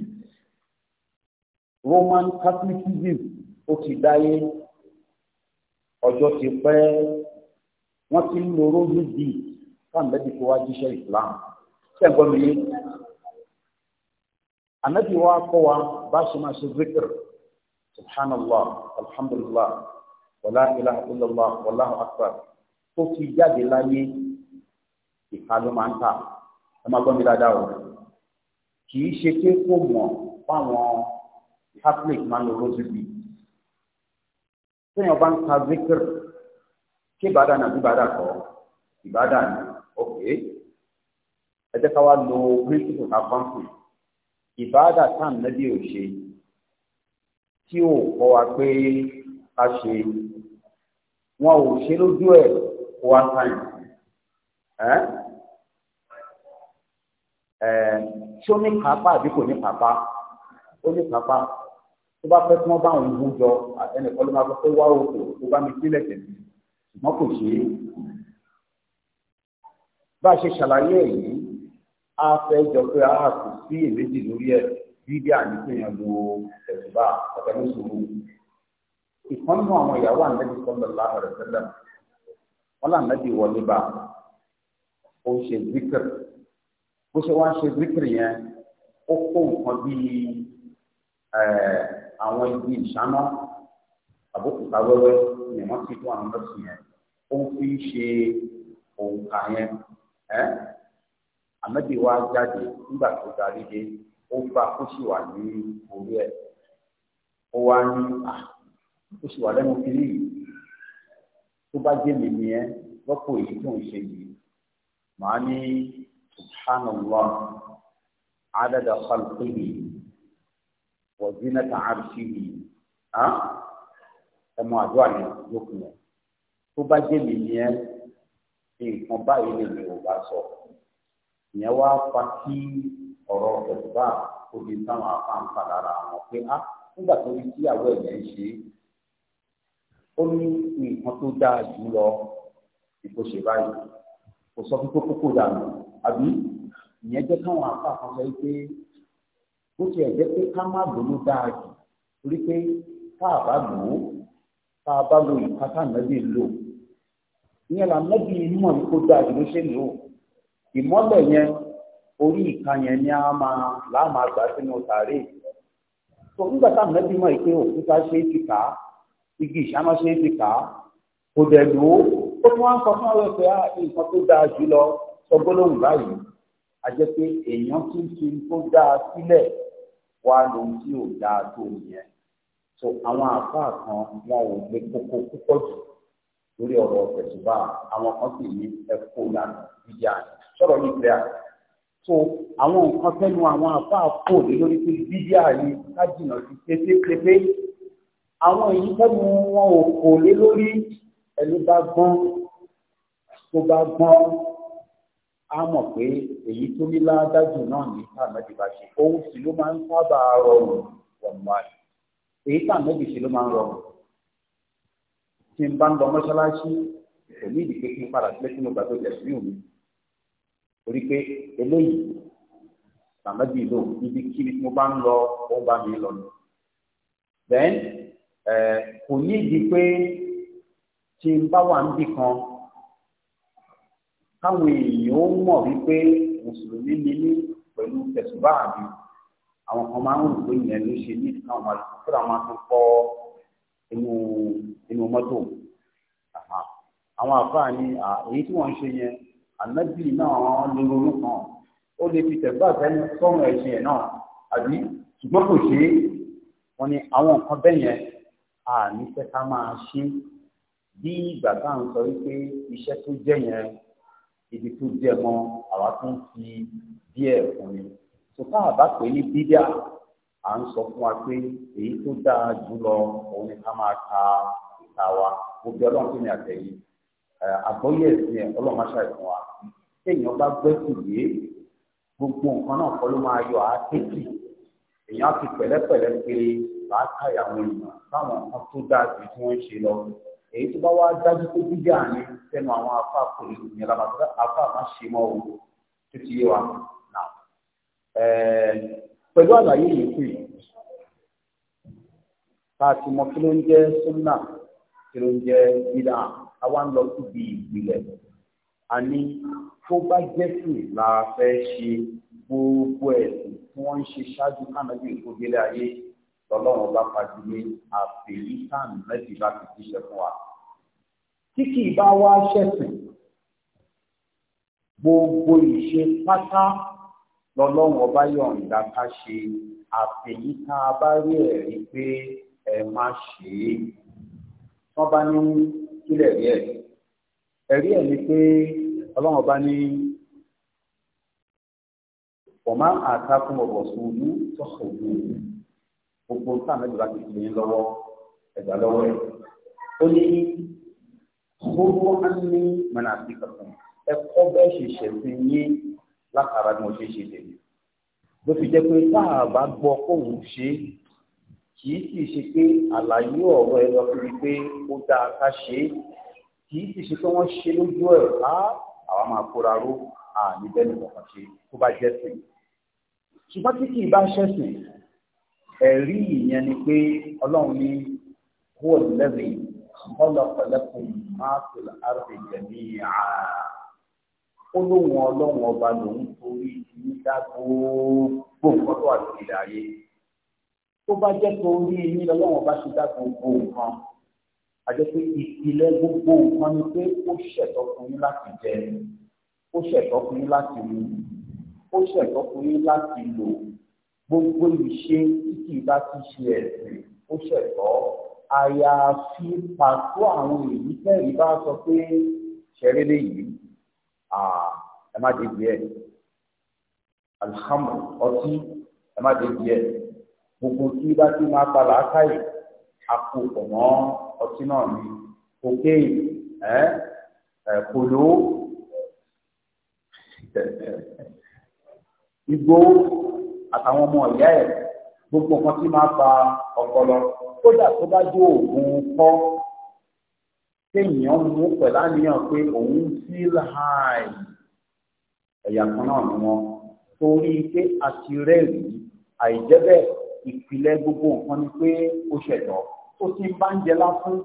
roman catholicism ó ti dáyé ọjọ́ ti pẹ́ wọ́n ti ń lo rosary bead káàmẹ́bí kó wá jíṣẹ́ islam ṣẹ́gbọ́n mi yé anabi wa kọ́ wa bá ṣe máa ṣe zikr subhanallah alhamdulillah wàlá ilaha illallah wallahu akbar tó fi jáde láyé ìka ló máa ń tà ẹ máa gbọ́ mi dáadáa o kì í ṣe pé kó mọ̀ fáwọn catholic máa ń lo rosary téèyàn bá ń ka zikr kí ìbádà náà ìbádà kọ ìbádà ni ok ẹ jẹ́ ká wá lo principle ká pàǹpù ìbádà táà nẹ́bí ò ṣe tí ò kọ́ wa pé ká ṣe wọn ò ṣe lójú ẹ̀ kó wá sáyìn ẹ́ ẹ́ ṣé ó ní kápá àbí kò ní kápá ó ní kápá tó bá fẹ́ kí wọ́n bá òun mú jọ ẹnìkan ló máa fẹ́ kó wá òkò tó bá mi sílẹ̀ tẹ̀lé ṣùgbọ́n kò ṣe é bá a ṣe ṣàlàyé ẹ̀ yìí a fẹ́ jọ pé a kò sí èméjì lórí ẹ̀ bíbí àníkéyàn lo ẹ̀sùn bá ọ̀tẹ̀ lóṣù rú ìkànnù àwọn ìyàwó ànábì sallallahu alaihi wasallam wọn làǹdẹ́bí wọlé bá ó ń ṣe zikir bó ṣe wá ń ṣe zikir yẹn ó kó nǹkan bíi àwọn igi ìṣáná àbókùtà wẹ́wẹ́ ni wọ́n ti tó àwọn lọ́sùn yẹn ó ń fi ṣe òǹkà yẹn ẹ́ ànábì wa jáde nígbà tó darí dé ó bá kó sì wà ní orí ẹ̀ ó wá ní à ó sì wà lẹ́nu kiri yìí tó bá jẹ́ mi nìyẹn rọ́pò èyí tó ń ṣe yìí màá ní subhanallah adada khalqihi wa zinata arshihi ẹ mọ àdúrà yẹn lókun yẹn tó bá jẹ́ mi nìyẹn nǹkan báyìí lè mi ò bá sọ ìyẹn wá fa kí ọ̀rọ̀ ẹ̀gbá òbí táwọn afáǹfà lára wọn pé á nígbà tó rí tíyàwó ẹ̀yẹ ń ṣe é ó ní nǹkan tó dáa jù lọ ìkóṣe báyìí kò sọ fún kókókó dànù àbí ìyẹn jẹ́ káwọn apá kan sọ pé ó ti ẹ̀jẹ̀ pé ká má lòó dáa jù torí pé tá bá lò ó tá bá lo ìka tá a nàbí lò ìyẹn là nàbí mọ̀ ní kó dáa jù ló ṣe lò ìmọ́lẹ̀ yẹn orí ìka yẹn ni a máa láà gbà sínú tàárẹ̀ tó nígbà tá a nàbí mọ̀ òkúta ṣe é ti kà á igi ìṣámọ́ṣe ti kà á kò dẹ̀ lò ó ó tún wá ń sọ fún ọ̀rọ̀ pé á nǹkan tó dáa jù lọ sọ gbólóhùn báyìí a jẹ́ pé èèyàn tí ń fi tó dáa sílẹ̀ wá lóhun tí ò dáa tó yẹn so àwọn àfáà kan wọn ò gbé kókó púpọ̀ jù lórí ọ̀rọ̀ ọ̀tẹ̀tùbá àwọn kan sì ní ẹ̀kọ́ lànà ìyá sọ̀rọ̀ yìí pẹ́ àná so àwọn nǹkan tẹnu àwọn àfáà kò lé lórí pé bídíà ni ká jìnnà sí pépépépé àwọn èyí tẹ́nu wọn ò kò lé lórí ẹni bá gbọ́n tó bá gbọ́n á mọ̀ pé èyí tó ní ládájú náà ní tàmẹ́bí bá ṣe òun sì ló máa ń sábà rọrùn wọ̀nba èyí tàmẹ́bí sì ló máa ń rọrùn tí n bá ń lọ mọ́ṣáláṣí kò ní ìdí pé kí n padà sílé sínú ìgbà tó jẹ̀sí òun torí pé eléyìí tàmẹ́bí lò ibi kíbi tí mo bá ń lọ ó bá mi lọ kò ní ìdí pé tí n bá wà níbì kan káwọn èèyàn ó mọ̀ wípé mùsùlùmí ni mí pẹ̀lú tẹ̀sùbá àwọn kan máa ń rò pé ìyẹn ló ṣe ní ìtàn àwọn àlùkò kódà máa tún kọ́ inú mọ́tò àwọn àfáà ni èyí tí wọ́n ń ṣe yẹn ànábì náà ló ronú kan ó lè fi tẹ̀sùbá sọ́run ẹ̀sìn ẹ̀ náà àbí ṣùgbọ́n kò ṣe é wọ́n ní àwọn nǹkan bẹ́ẹ̀ yẹn àní fẹ́ ká máa ṣe bí ìgbà tá à ń sọ wípé iṣẹ́ tó jẹ́ yẹn ibi tó jẹ́ mọ́ àwa tó ń fi díẹ̀ fún ni sọtá àbá pè ní bídíà à ń sọ fún wa pé èyí tó dáa jùlọ òun ni ká máa ka ìta wa gbogbo ọlọ́run tó ní àtẹ̀yìn àgbọ́yé ẹ̀sìn ẹ̀ ọlọ́run máa ṣàìsàn wa téèyàn bá gbẹ́sùn yé gbogbo nǹkan náà kọ́ ló máa yọ àákéjì èèyàn á fi pẹ̀lẹ́pẹ̀lẹ́ pé làákàyà àwọn èèyàn táwọn kan tó dáa ju tí wọ́n ń ṣe lọ èyí tó bá wá dájú pé dídá ní sẹ́nu àwọn afá kò ní ìyẹn làbàtà afá máa ṣe mọ́ o tó ti yé wa náà eh, pẹ̀lú àlàyé yìí pé tá a ti mọ kí ló ń jẹ́ sunna kí ló ń jẹ́ dídá àwa ń lọ síbi ìpìlẹ̀ àní tó bá jẹ́ sí la fẹ́ ṣe gbogbo ẹ̀sìn tí wọ́n ń ṣe ṣáájú kánàbí ìkógbélé ayé tọ́lọ́wọ́n bá fagilé àfèyí sáàmì mẹ́tì bá ti jíṣẹ́ fún wa. tí kì í bá wá ṣẹ̀sìn gbogbo ìṣe pátá lọ́lọ́wọ́n bá yọ̀ǹda ká ṣe àfèyí tá a bá rí ẹ̀rí pé ẹ má ṣe é. wọ́n bá ní kílẹ̀ rí ẹ̀. ẹ̀rí ẹ̀ ni pé ọlọ́wọ́n bá ní ọ̀ma àtàkùn ọ̀rọ̀ sùn ní tọ́sọ̀ọ́dún gbogbo sáàmì ìgbà ti fi lọ́wọ́ ẹ̀gbà lọ́wọ́ ẹ̀. ó ní gbogbo á ní mọ̀nà àti kankan ẹ̀kọ́ bẹ́ẹ̀ ṣe ṣẹ̀sìn yín látara bí mo ṣe ṣe tèmi. ló fi jẹ́ pé tá a bá gbọ́ kóun ṣe kì í sì ṣe pé àlàyé ọ̀rọ̀ ẹ lọ síbi pé ó dáa ká ṣe é kì í sì ṣe pé wọ́n ṣe lójú ẹ̀ á àwa máa kóra ró àní bẹ́ẹ̀ ni kọ̀ọ̀kan ṣe tó bá jẹ́ sìn. ṣùgbọ́n tí kì í bá ṣẹ̀sìn ẹ̀rí ìyẹn ni pé ọlọ́run ní kúọ̀ lẹ́bí ọlọ́pẹ̀lẹ́kùn máa tó àrùn ìjẹ̀mí àá ó lóun ọlọ́run ọba lòun torí nígbà gbogbo nǹkan tó wà lórí ilẹ̀ ayé tó bá jẹ́ torí yín lọ́lọ́run ọba ṣe dá gbogbo nǹkan àjọ pé ìpìlẹ̀ gbogbo nǹkan ni pé ó ṣẹ̀tọ́ fún yín láti jẹ ó ṣẹ̀tọ́ fún yín láti mu ó ṣẹ̀tọ́ fún yín láti lò gbogbo ìṣe tí kì í bá ti ṣe ẹ̀sìn ó ṣẹ̀tọ́ àyàfi pàtó àwọn èyí tẹ̀rí bá sọ pé ṣẹ̀rí léyìí ẹ má dé díẹ̀ alhamdu ọtí ẹ má dé díẹ̀ gbogbo tí bá ti máa ta làákàyè àpò pọ̀ mọ́ ọtí náà ni kokéè ẹ ẹ kòló igbó. àtàwọn ọmọ ìyá ẹ̀ gbogbo nǹkan tí máa fa ọpọlọ kódà tó bá jó oògùn kọ́ téèyàn mú pẹ̀lú àníyàn pé òun sí láàyè ẹ̀yà kan náà ni wọ́n torí pé àti rẹ́ẹ̀rí àìjẹ́bẹ̀ gbogbo nǹkan ni pé ó ṣẹ̀dọ̀ ó ti bá ń jẹlá fún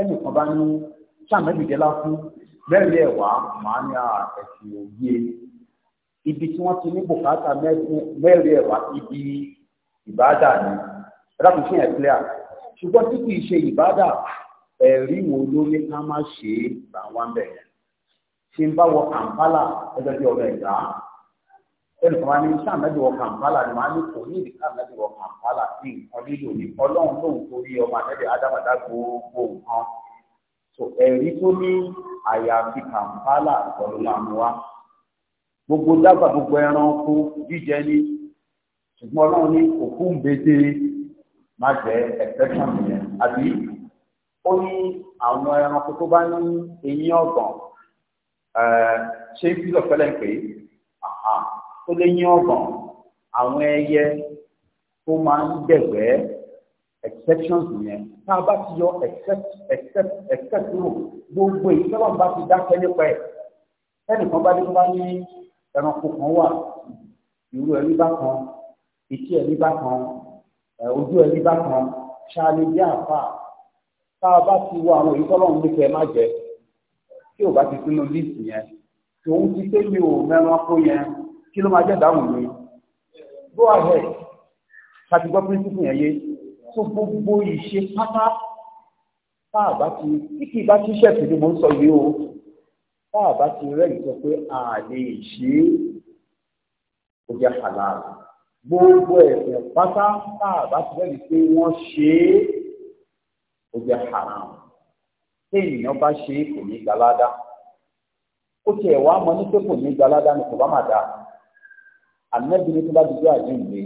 ẹnìkan bá ní sàmẹ́bìjẹlá fún bẹ́ẹ̀ ni ẹ̀wà màá ní àẹ̀sìn òye ibi tí wọ́n ti ní bùkátà mẹ́rin ẹ̀wà ibi ìbádà ni rákùn fún ẹ̀ clear ṣùgbọ́n tí kìí ṣe ìbádà ẹ̀rí wo ló ní ká má ṣe é gbà wá ń bẹ̀rẹ̀ ṣe ń bá wọ kàǹpálà ẹgbẹ́ bí ọ̀rọ̀ ẹ̀dá ẹnì kan wá ní sáà mẹ́bí wọ kàǹpálà ni wọ́n á ní kò ní ìdí sáà mẹ́bí wọ kàǹpálà sí nǹkan lílo ní ọlọ́run lóhùn torí ọmọ àtẹ́bí adámadá gbogbo nǹkan so ẹ̀rí tó ní àyàfi kàǹpálà ọ̀rọ̀ máa gbogbo dábàá gbogbo ẹranko jíjẹ ní ṣùgbọ́n ọlọ́run ní òkú ń bété má jẹ́ exception yẹn àbí ó ní àwọn ẹranko tó bá ní eyín ọ̀gbọ̀n eh, ṣé ń fílọ̀ fẹ́lẹ̀ pé tó lé yín ọ̀gbọ̀n àwọn ẹyẹ tó máa ń dẹ̀gbẹ́ exceptions yẹn tá a bá ti yọ except except except rule gbogbo ìṣẹ́wọ̀n bá ti dákẹ́ nípa ẹ̀ ẹnìkan bá dé tó bá ní ẹranko kan wà ìrú ẹni bá kan etí ẹni bá kan ojú ẹni bá kan ṣáálé bí àfà tá a bá ti wọ àwọn èyí tọ́lọ́run ní kẹ́ ẹ má jẹ tí ò bá ti sínú líìsì yẹn tòun ti pé mi ò mẹ́ranko yẹn kí ló máa jẹ́ dáhùn mi go ahead láti gbọ́ píríncípù yẹn yé tó gbogbo ìṣe pátá tá a bá ti kíkì bá ti ṣẹ̀sìn ni mo ń sọ yìí o tá a bá ti rẹ́rìí sọ pé a lè ṣe é ó jẹ́ halal gbogbo ẹ̀sìn pátá tá a bá ti rẹ́rìí pé wọ́n ṣe é ó jẹ́ haram tí ènìyàn bá ṣe é kò ní gbalada ó ti ẹ̀ mọ ní pé kò ní gbalada ni kò bá má dáa ànábi ní tó bá dúdú àdéhùnlé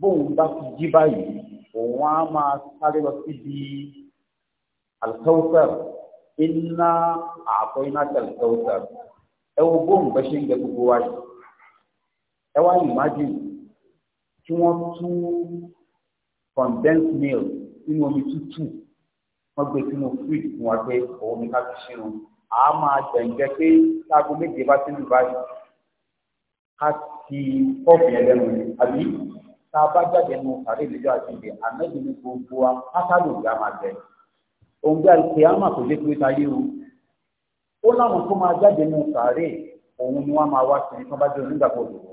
bóun bá ti jí báyìí òun á máa sáré lọ síbi alkawusar iná àpò iná tẹlifẹwùtà ẹ wo bóun bẹ ṣe ń jẹ gbogbo wa kí wọ́n tú condensed milk nínú omi tútù wọ́n gbé sínú fridge fún wa pé òun ni ká fi ṣírun a máa gbẹ̀ǹjẹ́ pé láago méje bá sínú báyìí ká ti kọ́ọ̀fù yẹn lẹ́nu ni àbí tá a bá jáde nu sàrẹ́ ìlú àti ìdè àmẹ́jì ní gbogbo wa pátá lòdì a máa gbẹ̀yìn òun bí alùpùpù kò lè pé táyé o ó láwọn tó máa jáde nínú sàárè òun ni wọ́n máa wá sí ní tọ́bájú onígbàgbọ́ òdòdó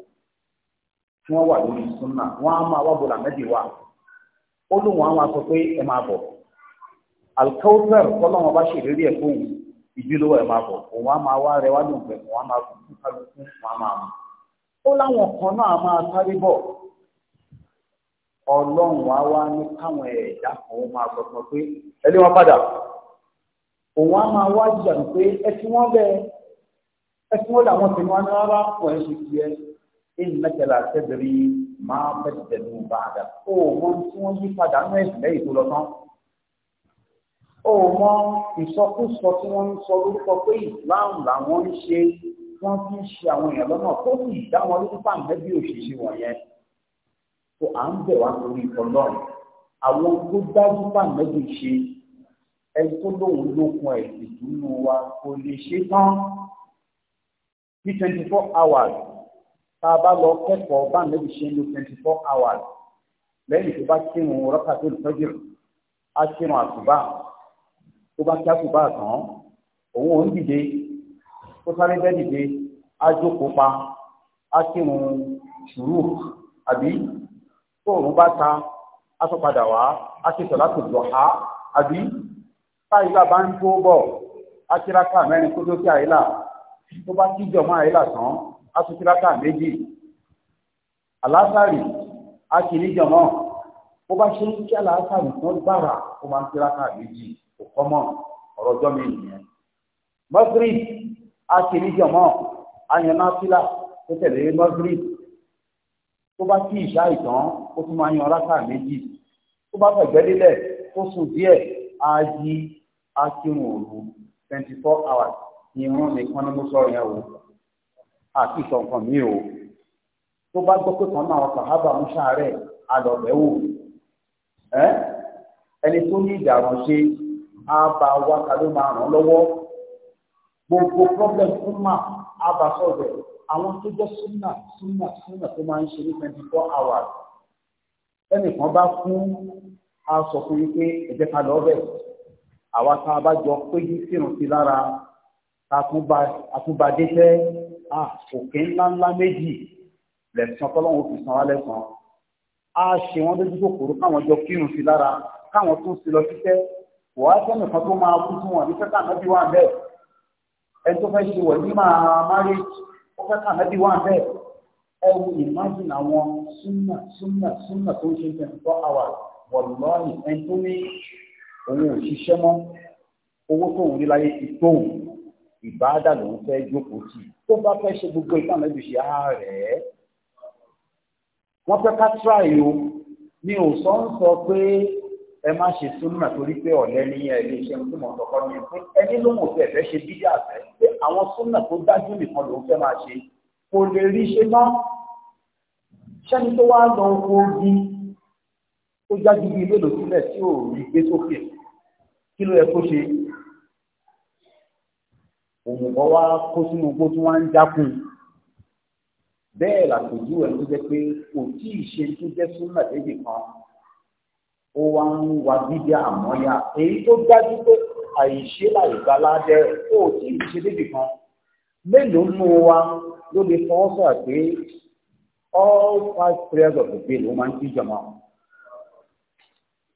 tí wọ́n wà lórí súnà wọ́n á máa wá bọ̀lá mẹ́bí wa ó lóun á máa sọ pé ẹ máa bọ̀ alkautar kọ́lọ́wọ́n bá ṣèlérí ẹ̀ fóun ìdílówó ẹ̀ máa bọ̀ òun á máa wá rẹ wá lóun pẹ̀ òun á máa kú kálukú òun á máa mú ó láwọn kan náà máa sáré bọ̀ ọlọ́run wá wá ní káwọn ẹ̀dá kan ó máa gbọ̀gbọ̀ pé ẹni wọn padà òun á máa wá jìyà pé ẹ tí wọ́n bẹ ẹ tí wọ́n dà wọ́n fi wọn rárá pọ̀ ẹ ṣe tiẹ̀ ẹni mẹ́tẹ̀lá sẹ́bẹ̀rì máa bẹ̀rẹ̀ tẹ̀lé bá a dà ó wọn tí wọ́n yí padà ní ẹ̀sìn lẹ́yìn tó lọ tán ó mọ ìsọkúsọ tí wọ́n ń sọ lórúkọ pé ìsìláàmù làwọn ń ṣe wọ́n fi ń ṣe àwọn èèyàn lọ́nà tó sì dá wọn lórúkọ àmẹ́bí òṣìṣẹ́ wọ̀nyẹn tó à ń bẹ̀ wá torí ọlọ́run àwọn tó dájú pàmẹ́bí ṣe ẹni tó lóun lókun ẹ̀ ìdùnnú wa kò lè ṣe tán ní twenty four hours tá a bá lọ kẹ́kọ̀ọ́ pàmẹ́bí ṣe ń lo twenty four hours lẹ́yìn tó bá kírun rọ́kàtí olùtọ́jú á kírun àtùbá tó bá kí àtùbá tán òun ò ń dìde tó sáré bẹ́ẹ̀ dìde á jókòó pa á kírun sùúrù àbí tó òun bá ta aṣọ padà wá a ṣe sọ̀rọ̀ láti lọ ha àbí táyìlá bá ń tó bọ̀ a ti rákà mẹ́rin kó tó sí àyílà tó bá kíjọ mọ́ àyílà tán a tún ti rákà méjì àlásàrì a kì níjọ mọ́ bó bá ṣe ń kí àlásàrì tán gbàrà ó máa ń ti méjì kò kọ́ ọ̀rọ̀ ọjọ́ mi nìyẹn mọ́gírì a kì níjọ mọ́ àyànnáfílà tó tẹ̀lé mọ́gírì tó bá kí ìṣá ìtàn ó tún máa yan rákà méjì tó bá fẹ̀gbẹ́ lélẹ̀ ó sùn díẹ̀ á yí á kírun òru twenty four hours ìrun nìkan ni mo sọ yẹn o àti ìṣọ̀kan mi o tó bá gbọ́ pé kan náà àwọn sàhábà mú sàárẹ̀ àlọ́bẹ̀ wò ẹni tó ní ìdàrọ̀ ṣe á bá wákàtí máa ràn lọ́wọ́ gbogbo problem fún mà á bá sọ̀rọ̀ àwọn tó jẹ́ súnà súnà súnà tó máa ń ṣe ní twenty four hours ẹnìkan bá kú a sọ fún yín pé ẹ̀jẹ̀ ká lọ bẹ̀ àwa tá a bá jọ péjú sírun sí lára àtúbadé fẹ́ òkè ńláńlá méjì lẹ́sàn tọ́lọ́wọ́n fi san alẹ́sàn á ṣe wọ́n lójú kòkòrò káwọn jọ kírun sí lára káwọn tún sí lọ títẹ́ wàá sẹ́nu kan tó máa kú fún wọn ní sẹ́kà náà bí wà bẹ́ẹ̀ ẹni tó fẹ́ ṣe wọ̀ ní máa máa rí ọfẹ́ ká nàbí wà bẹ́ẹ̀ ẹ wo imagine àwọn súnmà súnmà súnmà tó ń ṣe twenty four hours wọ̀lọ́ọ̀nì ẹni tó ní òun ò ṣiṣẹ́ mọ́ owó tóun rí láyé ti tóun ìbáàdà lòun fẹ́ jókòó tì tó bá fẹ́ ṣe gbogbo ìtàn lẹ́bi ṣe á rẹ̀ ẹ́ wọ́n fẹ́ ká try o mi ò sọ ń sọ pé ẹ má ṣe súnmọ́ torí pé ọ̀lẹ́ ní ẹ lè ṣe súnmọ́ ọ̀kọ́ ní ẹ ẹni ló mọ̀ fẹ́ fẹ́ ṣe bídí àfẹ́ pé àwọn súnmọ́ tó dájú nìkan ló ń fẹ́ máa ṣe kò lè rí ṣe mọ́ ṣẹ́ni tó wá lọ orí tó jájú bíi mélòó sílẹ̀ tí ò rí gbé sókè kí ló yẹ kó ṣe òmùgọ̀ wá kó sínú igbó tí wọ́n ń jákun bẹ́ẹ̀ làpèjú ẹ̀ tó pé kò tíì ṣe tó jẹ́ súnmọ́ ó wá ń wa bíbí àmọ́yá èyí tó dájú pé àìṣe láìgbà ládẹ́ ó tí ì ṣe débì kan mélòó nù wa ló lè fọwọ́ sọ̀rọ̀ pé all five prayers of the day ló máa ń kíjọ mọ́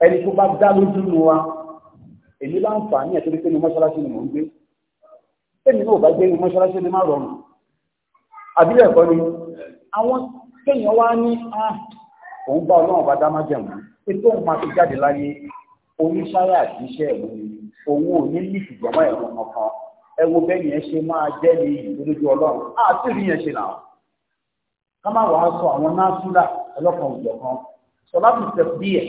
ẹni tó bá dá lójú nù wa èmi láǹfààní ẹ̀ torí pé ní mọ́ṣáláṣí ni mò ń gbé èmi náà bá gbé ní mọ́ṣáláṣí ni má rọrùn àbílẹ̀ ẹ̀kọ́ ni àwọn kéèyàn wá ní ah, òun bá ọlọ́run bá dá má jẹun ètò òun máa fi jáde láyé oníṣáyà àtìṣe ẹ̀wò ni owó òní ní ìfìgbọ́mọ́ ẹ̀rọ kankan ẹ wo bẹ́ẹ̀ yẹn ṣe máa jẹ́ ní ìdílójú ọlọ́run àti ìrí yẹn ṣe nà ó ká má wàá sọ àwọn násúlà ọlọ́kan òjọ̀ kan sọlá ti tẹ̀ díẹ̀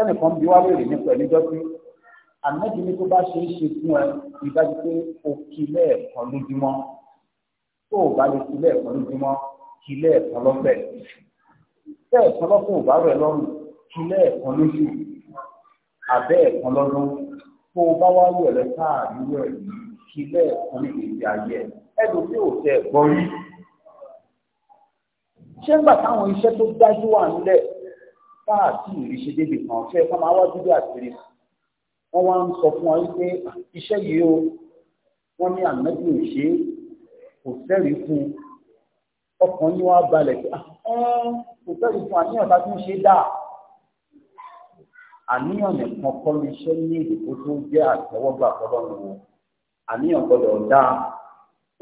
ẹnìkan bí wàá wèrè nípa ẹ̀níjọ́ pé ànájú ní tó bá ṣe é ṣe fún ẹ ìdájú pé o kì lẹ́ẹ̀kan lójúmọ́ tó o bá lè kì lẹ́ẹ̀kan lójúmọ́ kì lẹ́ẹ̀kan lọ́fẹ̀ẹ́ lẹ́ẹ̀kan lọ́fẹ̀ẹ́ ò bá rẹ̀ lọ́rùn tú lẹ́ẹ̀kan lóṣù àbẹ́ ẹ̀kan lọ́dún tó o bá wá yọ̀ rẹ káàdì rẹ̀ kí lẹ́ẹ̀kan ní ìgbésí ayé ẹ̀dùn tí ò tẹ̀ gbọ́ rí. ṣé ń gbà táwọn iṣẹ́ tó dájú wà nílẹ̀ káàtì ìríṣẹ́ débi kan ṣe kọ́ máa wá dúdú àtìrí wọ́n wá ń sọ fún wa wípé iṣẹ́ yìí o wọ́n ní ànábì ò ṣe é kò sẹ́rìí fún ọkàn yín wá balẹ̀ ah, kò sẹ́rìí fún àníyàn bá tún ṣe dáa àníyàn nìkan kọ́ ní iṣẹ́ ní ìdìbò tó jẹ́ àtẹ́wọ́gbà fọlọ́run o àníyàn gbọ́dọ̀ dá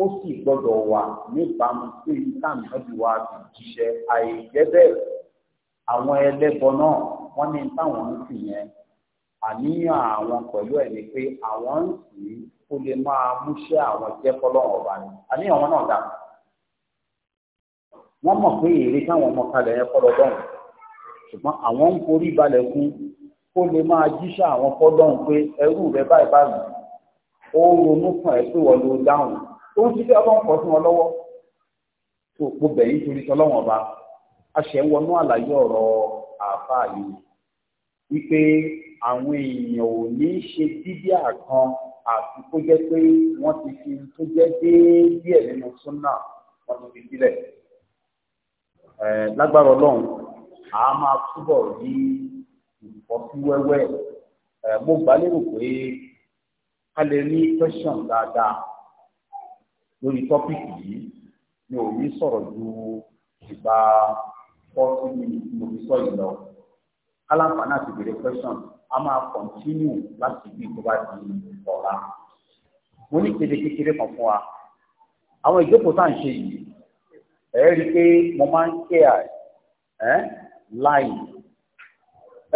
ó sì gbọ́dọ̀ wà níbàámu sí ìtànàbí wa ti jíṣẹ́ àìjẹ́ bẹ́ẹ̀ àwọn ẹlẹ́bọ náà wọ́n ní táwọn ń sìn yẹn àníyàn àwọn pẹ̀lú ẹ̀ ni pé àwọn ń sìn kó lè máa múṣẹ́ àwọn jẹ́ fọlọ́run ọba ni àníyàn wọn náà dà wọ́n mọ̀ pé èrè táwọn ọmọ kalẹ̀ yẹn kọ́ lọ́dọ̀ọ̀hún ṣùgbọ́n àwọn ń forí balẹ̀ fún kó lè máa jíṣẹ́ àwọn fọ́dọ̀hún pé ẹrú rẹ báyìí báyìí ó ronú fún ẹ pé wọ́n ló dáhùn tó ń ṣiṣẹ́ ọlọ́run kọ fún wọn lọ́wọ́ tó gbogbo bẹ̀yìn torí tọ́lọ́wọ́n ọba aṣẹ wọnú àlàyé ọ̀rọ̀ àáfàá yìí wípé àwọn èèyàn ò ní ṣe dídí àkan àti kó jẹ́ pé wọ́n ti fi tó jẹ́ déédéé nínú súnà wọ́n ti fi sílẹ̀ lágbára ọlọ́run àá máa túbọ̀ rí ìfọ́síwẹ́wẹ́ mo gbà lérò pé a lè rí question dáadáa lórí tọ́pìkì yìí mi ò ní sọ̀rọ̀ ju ìgbà forty minutes mo fi sọ yìí lọ kálánfààní àti béèrè question a máa continue láti bí ìjọba di ọ̀la mo ní kéde kékeré kan fún wa àwọn ìjókòó tá à ń ṣe yìí ẹ rí i pé mo máa ń ṣe ẹ láì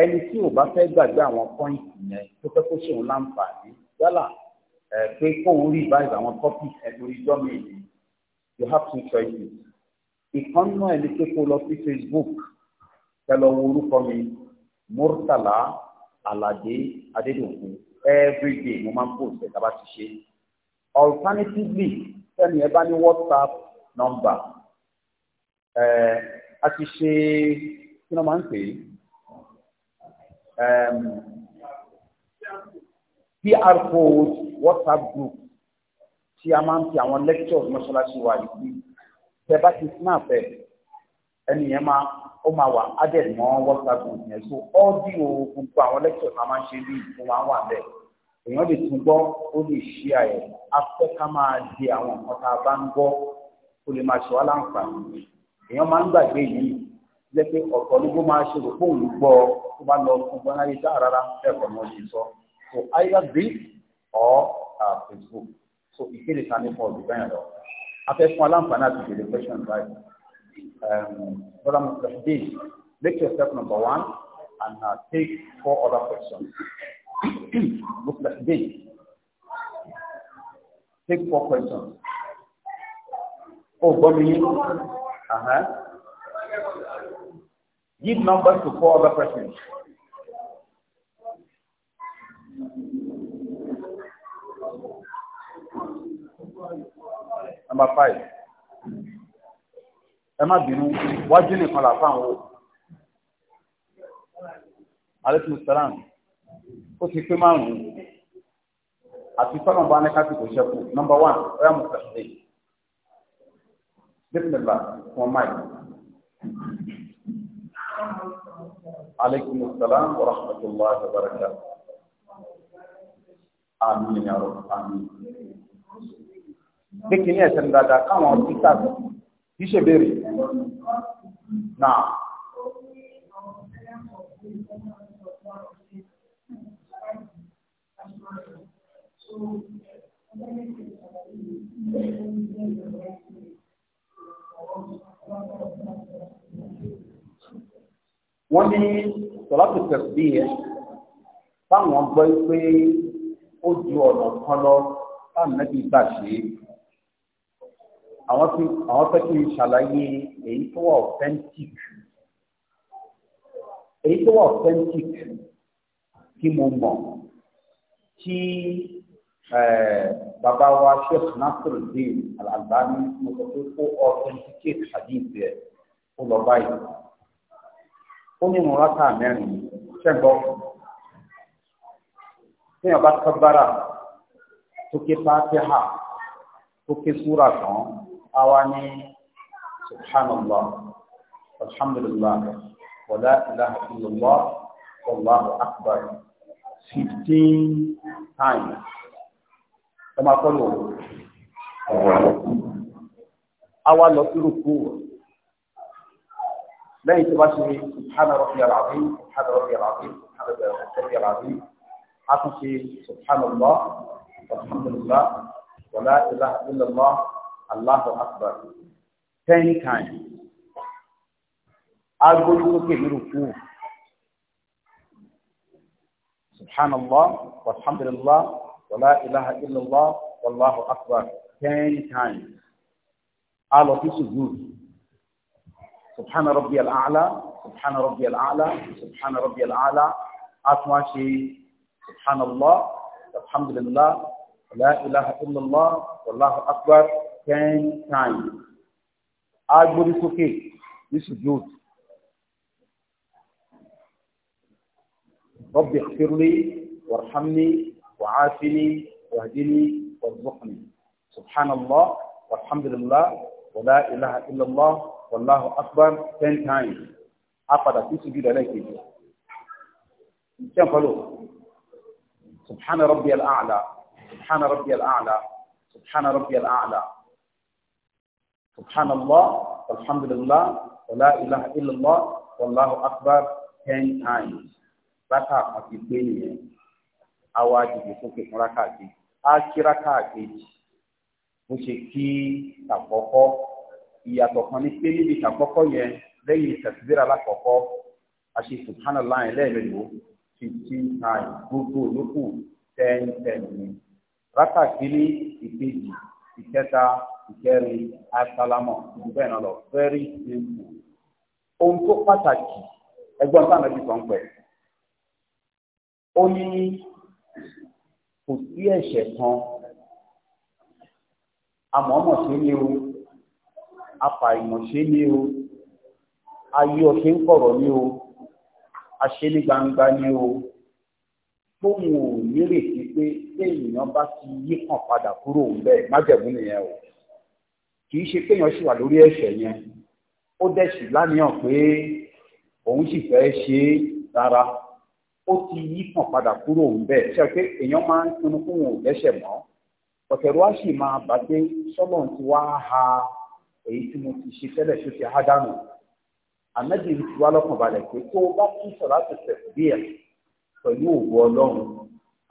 ẹni tí ò bá fẹ́ gbàgbé àwọn pọ́ìntì yẹn tó fẹ́ kó ṣe òun láǹfààní yálà pé kóun rí ìbáyìí àwọn topic ẹ̀dùn ìjọ mi ni you have two choices ìkan náà ẹni pé kó lọ sí Facebook kẹ lọ wo orúkọ mi Murtala Alade Adédòkun everyday mo máa ń post ẹ̀ tábà ti ṣe alternatively sẹ́ni ẹ bá ní WhatsApp number ẹ̀ a ti ṣe kí ló máa ń pè é um, PR code WhatsApp group tí a máa ń fi àwọn lectures mọ́ṣáláṣí wa yìí tẹ bá ti snap ẹ ẹni yẹn máa ó máa wà added mọ́ WhatsApp group yẹn so audio gbogbo àwọn lectures a máa ń ṣe bí ìfún wa wà bẹ́ẹ̀ èèyàn lè tún gbọ́ ó lè ṣí àyẹ̀ afẹ́ ká máa di àwọn nǹkan tá a bá ń gbọ́ kó lè máa ṣe wá láǹfààní èèyàn máa ń gbàgbé yìí jẹ́ pé ọ̀tọ̀ ní kó máa ṣe rò pé òun gbọ́ tó bá lọ fún gbọ́n láyé dáa rárá ẹ̀kọ́ ni wọ́n ṣe sọ so either this or uh, Facebook so ìkéde ta ní fún ọdún bẹ́ẹ̀ lọ afẹ́fún aláǹfààní àti ìbéèrè question right um, brother mustafidin make step number one and uh, take four other questions mustafidin take four questions. Oh, gbọ́ mi yín. Uh -huh give numbers to four other persons. Number five. Emma Binu, what do you need from o. Aleykum salaam. Ó ti pé márùn-ún. Àti sọ́nà bá ní kásìkò ṣẹ́kù. Nọmba wán, ọ̀yá mo fẹ̀sẹ̀. Bísí mi Mike. عليكم السلام ورحمة الله وبركاته آمين يا رب آمين لكن يا سندادا كم هو كتاب يشي بيري نعم Thank you wọ́n ní sọ̀látò tẹ̀sí ẹ̀ táwọn gbọ́ pé ó ju ọ̀nà kan lọ táwọn mẹ́bí gbà ṣe é àwọn fẹ́ kí n ṣàlàyé èyí tó wà authentic èyí tó wà authentic kí mo mọ̀ tí bàbá wa Sheikh Nasiruddin Al-Albani mo sọ pé ó authenticate hadith ẹ̀ ó lọ báyìí ó ní ìmúra ká mẹ́rin ṣẹ́gbọ́ téèyàn bá kábàrà tó ké fatiha tó ké súra tán àwa ní subhanallah alhamdulillah wàlá ilaha illallah wallahu akbar fifteen times ẹ máa kọ́ lọ sí rúkú لا يتباشي سبحان ربي العظيم سبحان ربي العظيم سبحان ربي العظيم حقيقي سبحان الله الحمد لله ولا اله الا الله الله اكبر ten times اقول لك بركوع سبحان الله والحمد لله ولا اله الا الله والله اكبر ten times على في سجود سبحان ربي الأعلى سبحان ربي الأعلى سبحان ربي الأعلى أتواشي سبحان الله الحمد لله لا إله إلا الله والله أكبر 10 times أجبري سوكي لسجود ربي اغفر لي وارحمني وعافني واهدني وارزقني سبحان الله والحمد لله ولا إله إلا الله Allahu akbar ten times á padà sí ṣubú ìdálẹ́ kejì ṣé n fọlọ́ subhana rabbi al'ala subhana rabbi al'ala subhana rabbi al'ala subhana allah alhamdulillah wa la ilaha illallah wallahu akbar ten times rákà àti pé nìyẹn àwa àjèjì sókè fún rákà kejì á kí rákà kejì bó ṣe kí àkọ́kọ́ ìyàtọ̀ kan ní pé níbi ìṣàkọ́kọ́ yẹn lẹ́yìn tẹ̀síbíra lákọ̀ọ́kọ́ a ṣe subhanallah yẹn lẹ́ẹ̀mẹ́lò fifteen nine gbogbo lókù ten ten ní rákàkiri ìkejì ìkẹta ìkẹrin asálámọ̀ ìdúgbò ìrànlọ́ lọ very simple ohun tó pàtàkì ẹgbọ́n sáà lọ́jọ́ kan pẹ̀ ó ní kò sí ẹ̀ṣẹ̀ kan àmọ́ ọmọ tó ní o. apàìmọ̀ṣe ni o ayé ọ̀ṣẹ́ ń kọ̀rọ̀ o aṣe ní gbangba ni o a se nírètí pé téèyàn bá ti yí kàn padà kúrò bẹ́ẹ̀ májẹ̀mú nìyẹn o kì í ṣe wà lórí ẹ̀ṣẹ̀ yẹn ó dẹ̀sì pé òun sì fẹ́ ṣe é rárá ó ti yí kàn padà kúrò bẹ́ẹ̀ ṣe pé èèyàn máa ń pinnu kóun ò mọ́ ọ̀tẹ̀rù á sì máa ti ha èyí tí mo ti ṣe tẹ́lẹ̀ tó ti há dànù ànábì ti wá lọ́kàn balẹ̀ pé tó o bá tún sọ̀rọ̀ àti sẹ̀kù díẹ̀ pẹ̀lú òwú ọlọ́run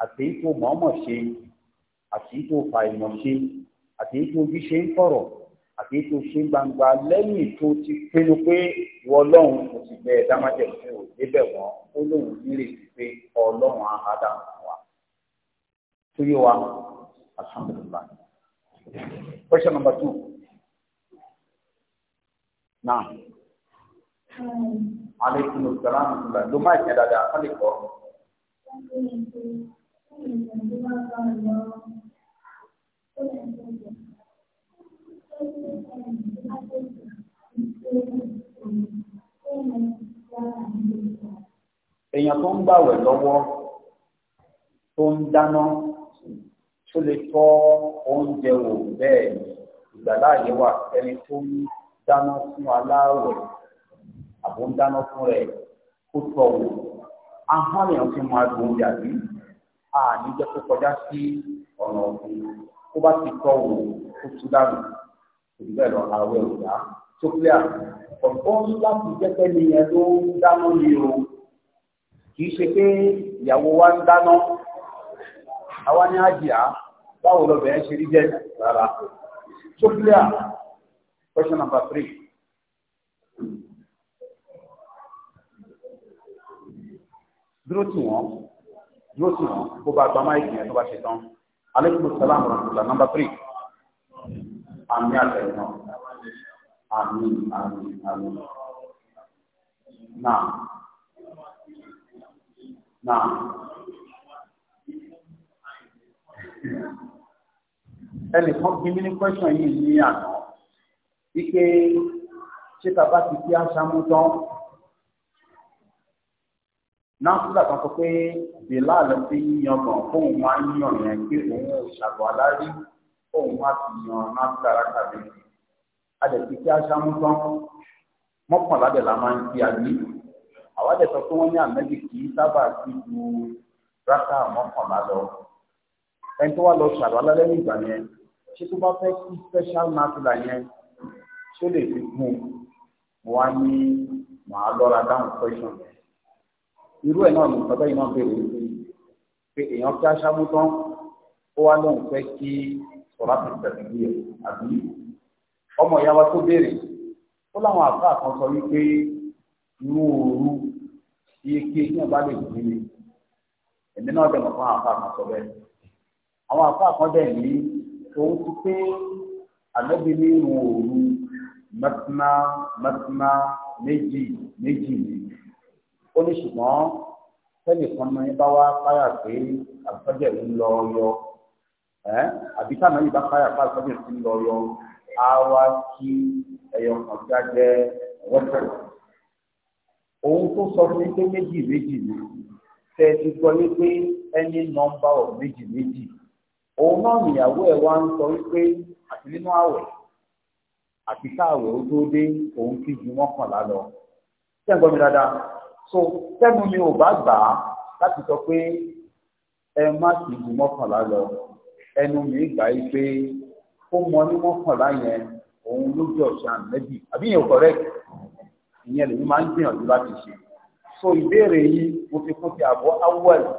àti èyí tó mọ̀ọ́mọ̀ ṣe àti èyí tó fa ìmọ̀ ṣe àti èyí tó bí ṣe ń kọ̀rọ̀ àti èyí tó ṣe gbangba lẹ́yìn tó ti pinnu pé ìwọ ọlọ́run kò sì bẹ dámájẹ̀ fún o débẹ̀ wọ́n ó lóun nírètí pé ọlọ́run á há wa tó yé wa alhamdulilayi question number two. Nah, aleykum salaam ala ló máa jẹ dáadáa ká lè kọ́. èèyàn tó ń gbàwẹ̀ lọ́wọ́ tó ń dáná tó lè tọ́ oúnjẹ wò bẹ́ẹ̀ ìgbàláàyè wà ẹni tó ń dáná fún aláwẹ̀ àbò ń dáná fún rẹ̀ kó tọ̀ wò ahọ́n èèyàn fi máa dùn yàrá àní jẹ́ kó kọjá sí ọ̀nà ọ̀gbìn kó bá ti tọ̀ wò kó tú dànù òbí bẹ́ẹ̀ lọ àwẹ̀ òyà tó kílíà ọ̀gbọ́n láti jẹ́ pẹ́ni yẹn ló ń dáná ní o kì ṣe pé ìyàwó wa ń dáná àwa ní àjìá báwo lọ bẹ̀rẹ̀ ṣe rí jẹ́ rárá tó kílíà. Question number three. Dúró tì wọ́n, dúró tì wọ́n, bó bá gba máìkì yẹn tó bá ṣe tán. Aleykum salaam wa number three. Àmì àtẹ̀yìn náà. Àmì àmì àmì. Náà. Náà. Ẹnìkan bí mi ní question yìí ní àná wípé ṣé bàbá ti fi àṣàmú tán násìlà kan sọ pé bèlà lọ sí yíyanbọn fóun wá yíyan yẹn pé òun ò ṣàbọ̀ alárí fóun wá ti yan násìlà rákàbí adẹ̀sí kí àṣàmú tán mọ́kànlá dẹ̀ la máa ń fi àgbé àwọn àdẹ̀sọ tó wọ́n ní àmẹ́lì kì í sábà ti ju rákà mọ́kànlá lọ ẹni tó wá lọ ṣàbọ̀ alárẹ́ nígbà yẹn ṣé tó bá fẹ́ kí special násìlà yẹn tó lè fi gún un wá ní màá lọ́ra dáhùn question yẹn irú ẹ̀ náà ló ń sọ bẹ́ẹ̀ náà béèrè wípé pé èèyàn kí aṣáájú tán ó wá lóun fẹ́ kí sọ̀rọ̀ àti tẹ̀síbí ẹ̀ àbí ọmọ ìyá wa tó béèrè ó láwọn àbá kan sọ wípé irú ooru iye kí èèyàn bá lè gbé mi èmi náà dẹ̀ fún àbá kan sọ bẹ́ẹ̀ àwọn àbá kan dẹ̀ ní òun ti pé àlọ́bí ní irú ooru mọ́tímá mọ́tímá méjì méjì ni ó ní ṣùgbọ́n sẹ́nìkan náà yín bá wá fáyà pé àlùfáàjẹ̀ ń lọ yọ ẹ́ àbí táwọn yìí bá fáyà pé àlùfáàjẹ̀ ń lọ yọ á wá kí ẹyọ kan já jẹ́ wọ́tẹ̀. ohun tó sọ fún mi pé méjì méjì ni tẹ ti gbọ́ yé pé ẹni nọ́mbà ọ̀ méjì méjì òun náà nìyàwó ẹ̀ wá ń sọ wípé àti nínú àwẹ̀ àti káàwé ó tó dé òun kí ju mọ́kànlá lọ tẹ́ǹgbọ́n mi dáadáa so tẹ́nu mi ò bá gbà á láti sọ pé ẹ má kì í ju mọ́kànlá lọ ẹnu mi gbà yí pé ó mọ ní mọ́kànlá yẹn òun lójú ọ̀sán ànẹ́bì àbí ìyẹn ò correct ìyẹn lèmi máa ń gbìyànjú láti ṣe so ìbéèrè yìí mo fi kún ti àbọ̀ awọ́ẹ̀lì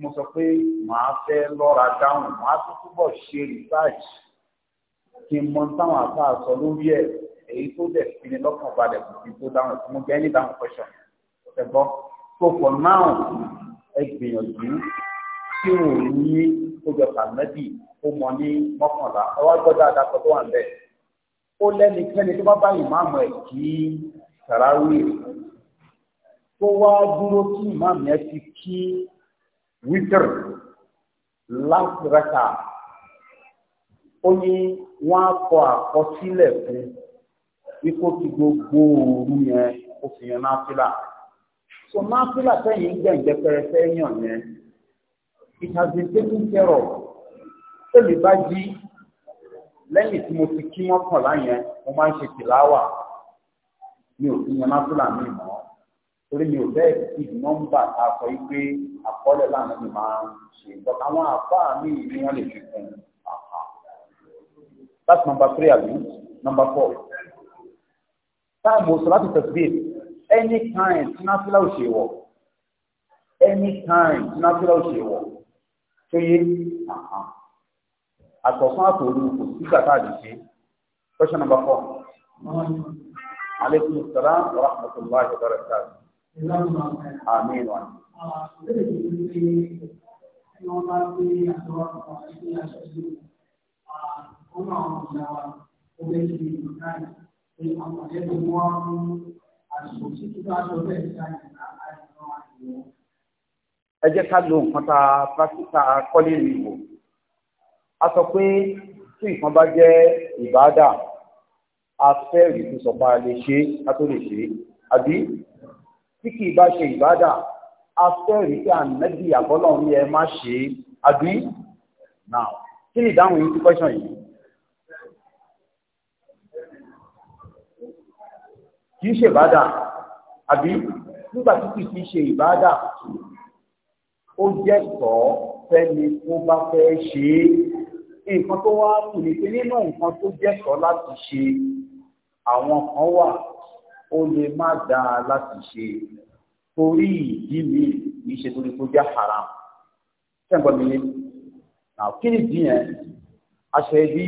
mo sọ pé màá fẹ́ lọ́ra dáhùn màá tún túbọ̀ ṣe research kí n mọ táwọn àbá sọ lórí ẹ̀ èyí tó dẹ̀ fi ni lọ́kàn balẹ̀ kò sí tó dáhùn tí mo gẹ́ ní dáhùn question ọ̀sẹ̀ gbọ́ so for now ẹ gbìyànjú tí ò ní ó jọ kàmẹ́bì ó mọ ní mọ́kànlá ẹ wá gbọ́ dáadáa kọ́ tó wà ń bẹ̀ ó lẹ́nikẹ́ni tó bá bá ìmáàmù ẹ̀ kí sàráwì tó wá dúró kí ìmáàmù ẹ̀ ti kí wítìrì láti rẹ́ka ó ní wọ́n á kọ àkọsílẹ̀ fún wípé kí gbogbo òru yẹn kó fi yan náfìlà so náfìlà sẹ́yìn gbẹ̀ǹgbẹ́ pẹrẹsẹ yàn yẹn it has been taken care of tẹ́lẹ̀ bá jí lẹ́yìn tí mo ti kí mọ́kànlá yẹn mo máa ń ṣe tìláwà mi ò fi yan náfìlà mi mọ́ torí mi ò bẹ́ẹ̀ ti nọ́mbà tá a sọ yìí pé àkọọ́lẹ̀ lánàá mi máa ń ṣe but àwọn àfáà mi ni wọ́n lè fi kún un that's number three àbí number four That was táàmù sọláàtì tẹsíbíyè any time tí náfìlà ò ṣe any time tí náfìlà ò ṣe wọ tó yé àtọ̀sán àtòru kò sígbà tá a question number four. aleykum salaam wa rahmatulahi wa barakatuh. àmín wa. Tí wọ́n nínú àwọn ọ̀gá wa ó bẹ́ẹ̀ ṣe ìlú káyì pé àwọn ẹ̀rọ wọn mú àṣìkò tí kíkọ́ aṣọ bẹ́ẹ̀ ṣáà ìgbà àìsàn àìwọ̀. ẹ jẹ́ ká lo nǹkan tá a pásítà kọ́lé rí wò a sọ pé tí nǹkan bá jẹ́ ìbáàdà a fẹ́ rí a lè ṣe a tó lè ṣe àbí tí kì í bá ṣe ìbáàdà a fẹ́ rí pé ànábì àbọ́lọ́run yẹ má ṣe àbí now kí ni ìdáhùn yìí sí question yìí kìí ṣe ìbádà àbí nígbà tí kìí fi ṣe ìbádà ó jẹ́ tọ́ fẹ́ni tó bá fẹ́ ṣe é nǹkan tó wá kù ní pé nínú nǹkan tó jẹ́ tọ́ láti ṣe àwọn kan wà ó lè má dáa láti ṣe torí ìdí mi kìí ṣe torí tó jẹ́ haram ṣẹ́ǹgbọ́n mi ni kí ni ìdí yẹn aṣọ ẹbí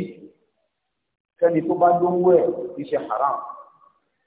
fẹ́ni tó bá lówó ẹ̀ kìí ṣe haram.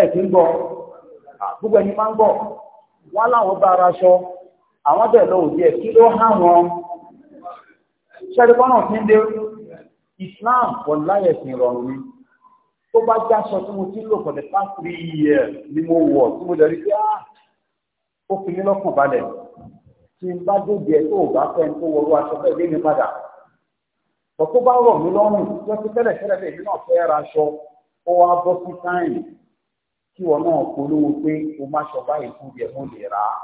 ẹ̀ kí ń gbọ́ gbogbo ẹni máa ń gbọ́ wọ́n ara aṣọ àwọn bẹ̀rẹ̀ lọ́wọ́ kí ló há wọn tí ń dé Islam wọ̀ láyẹ̀sìn ìrọ̀rùn ni tó bá jáṣọ tí mo ti lò for the past three years ni mo wọ̀ tí mo dẹ̀rí pé á ah! ó fi mí lọ́kàn balẹ̀ tí n bá dé tó o bá fẹ́ tó wọ̀rú aṣọ bẹ́ẹ̀ lé mi padà tó bá rọ̀ mí lọ́rùn tẹ́lẹ̀ tẹ́lẹ̀ bẹ́ẹ̀ aṣọ kí wọn náà polówó pé o má sọ báyìí fún jẹ mo lè rà á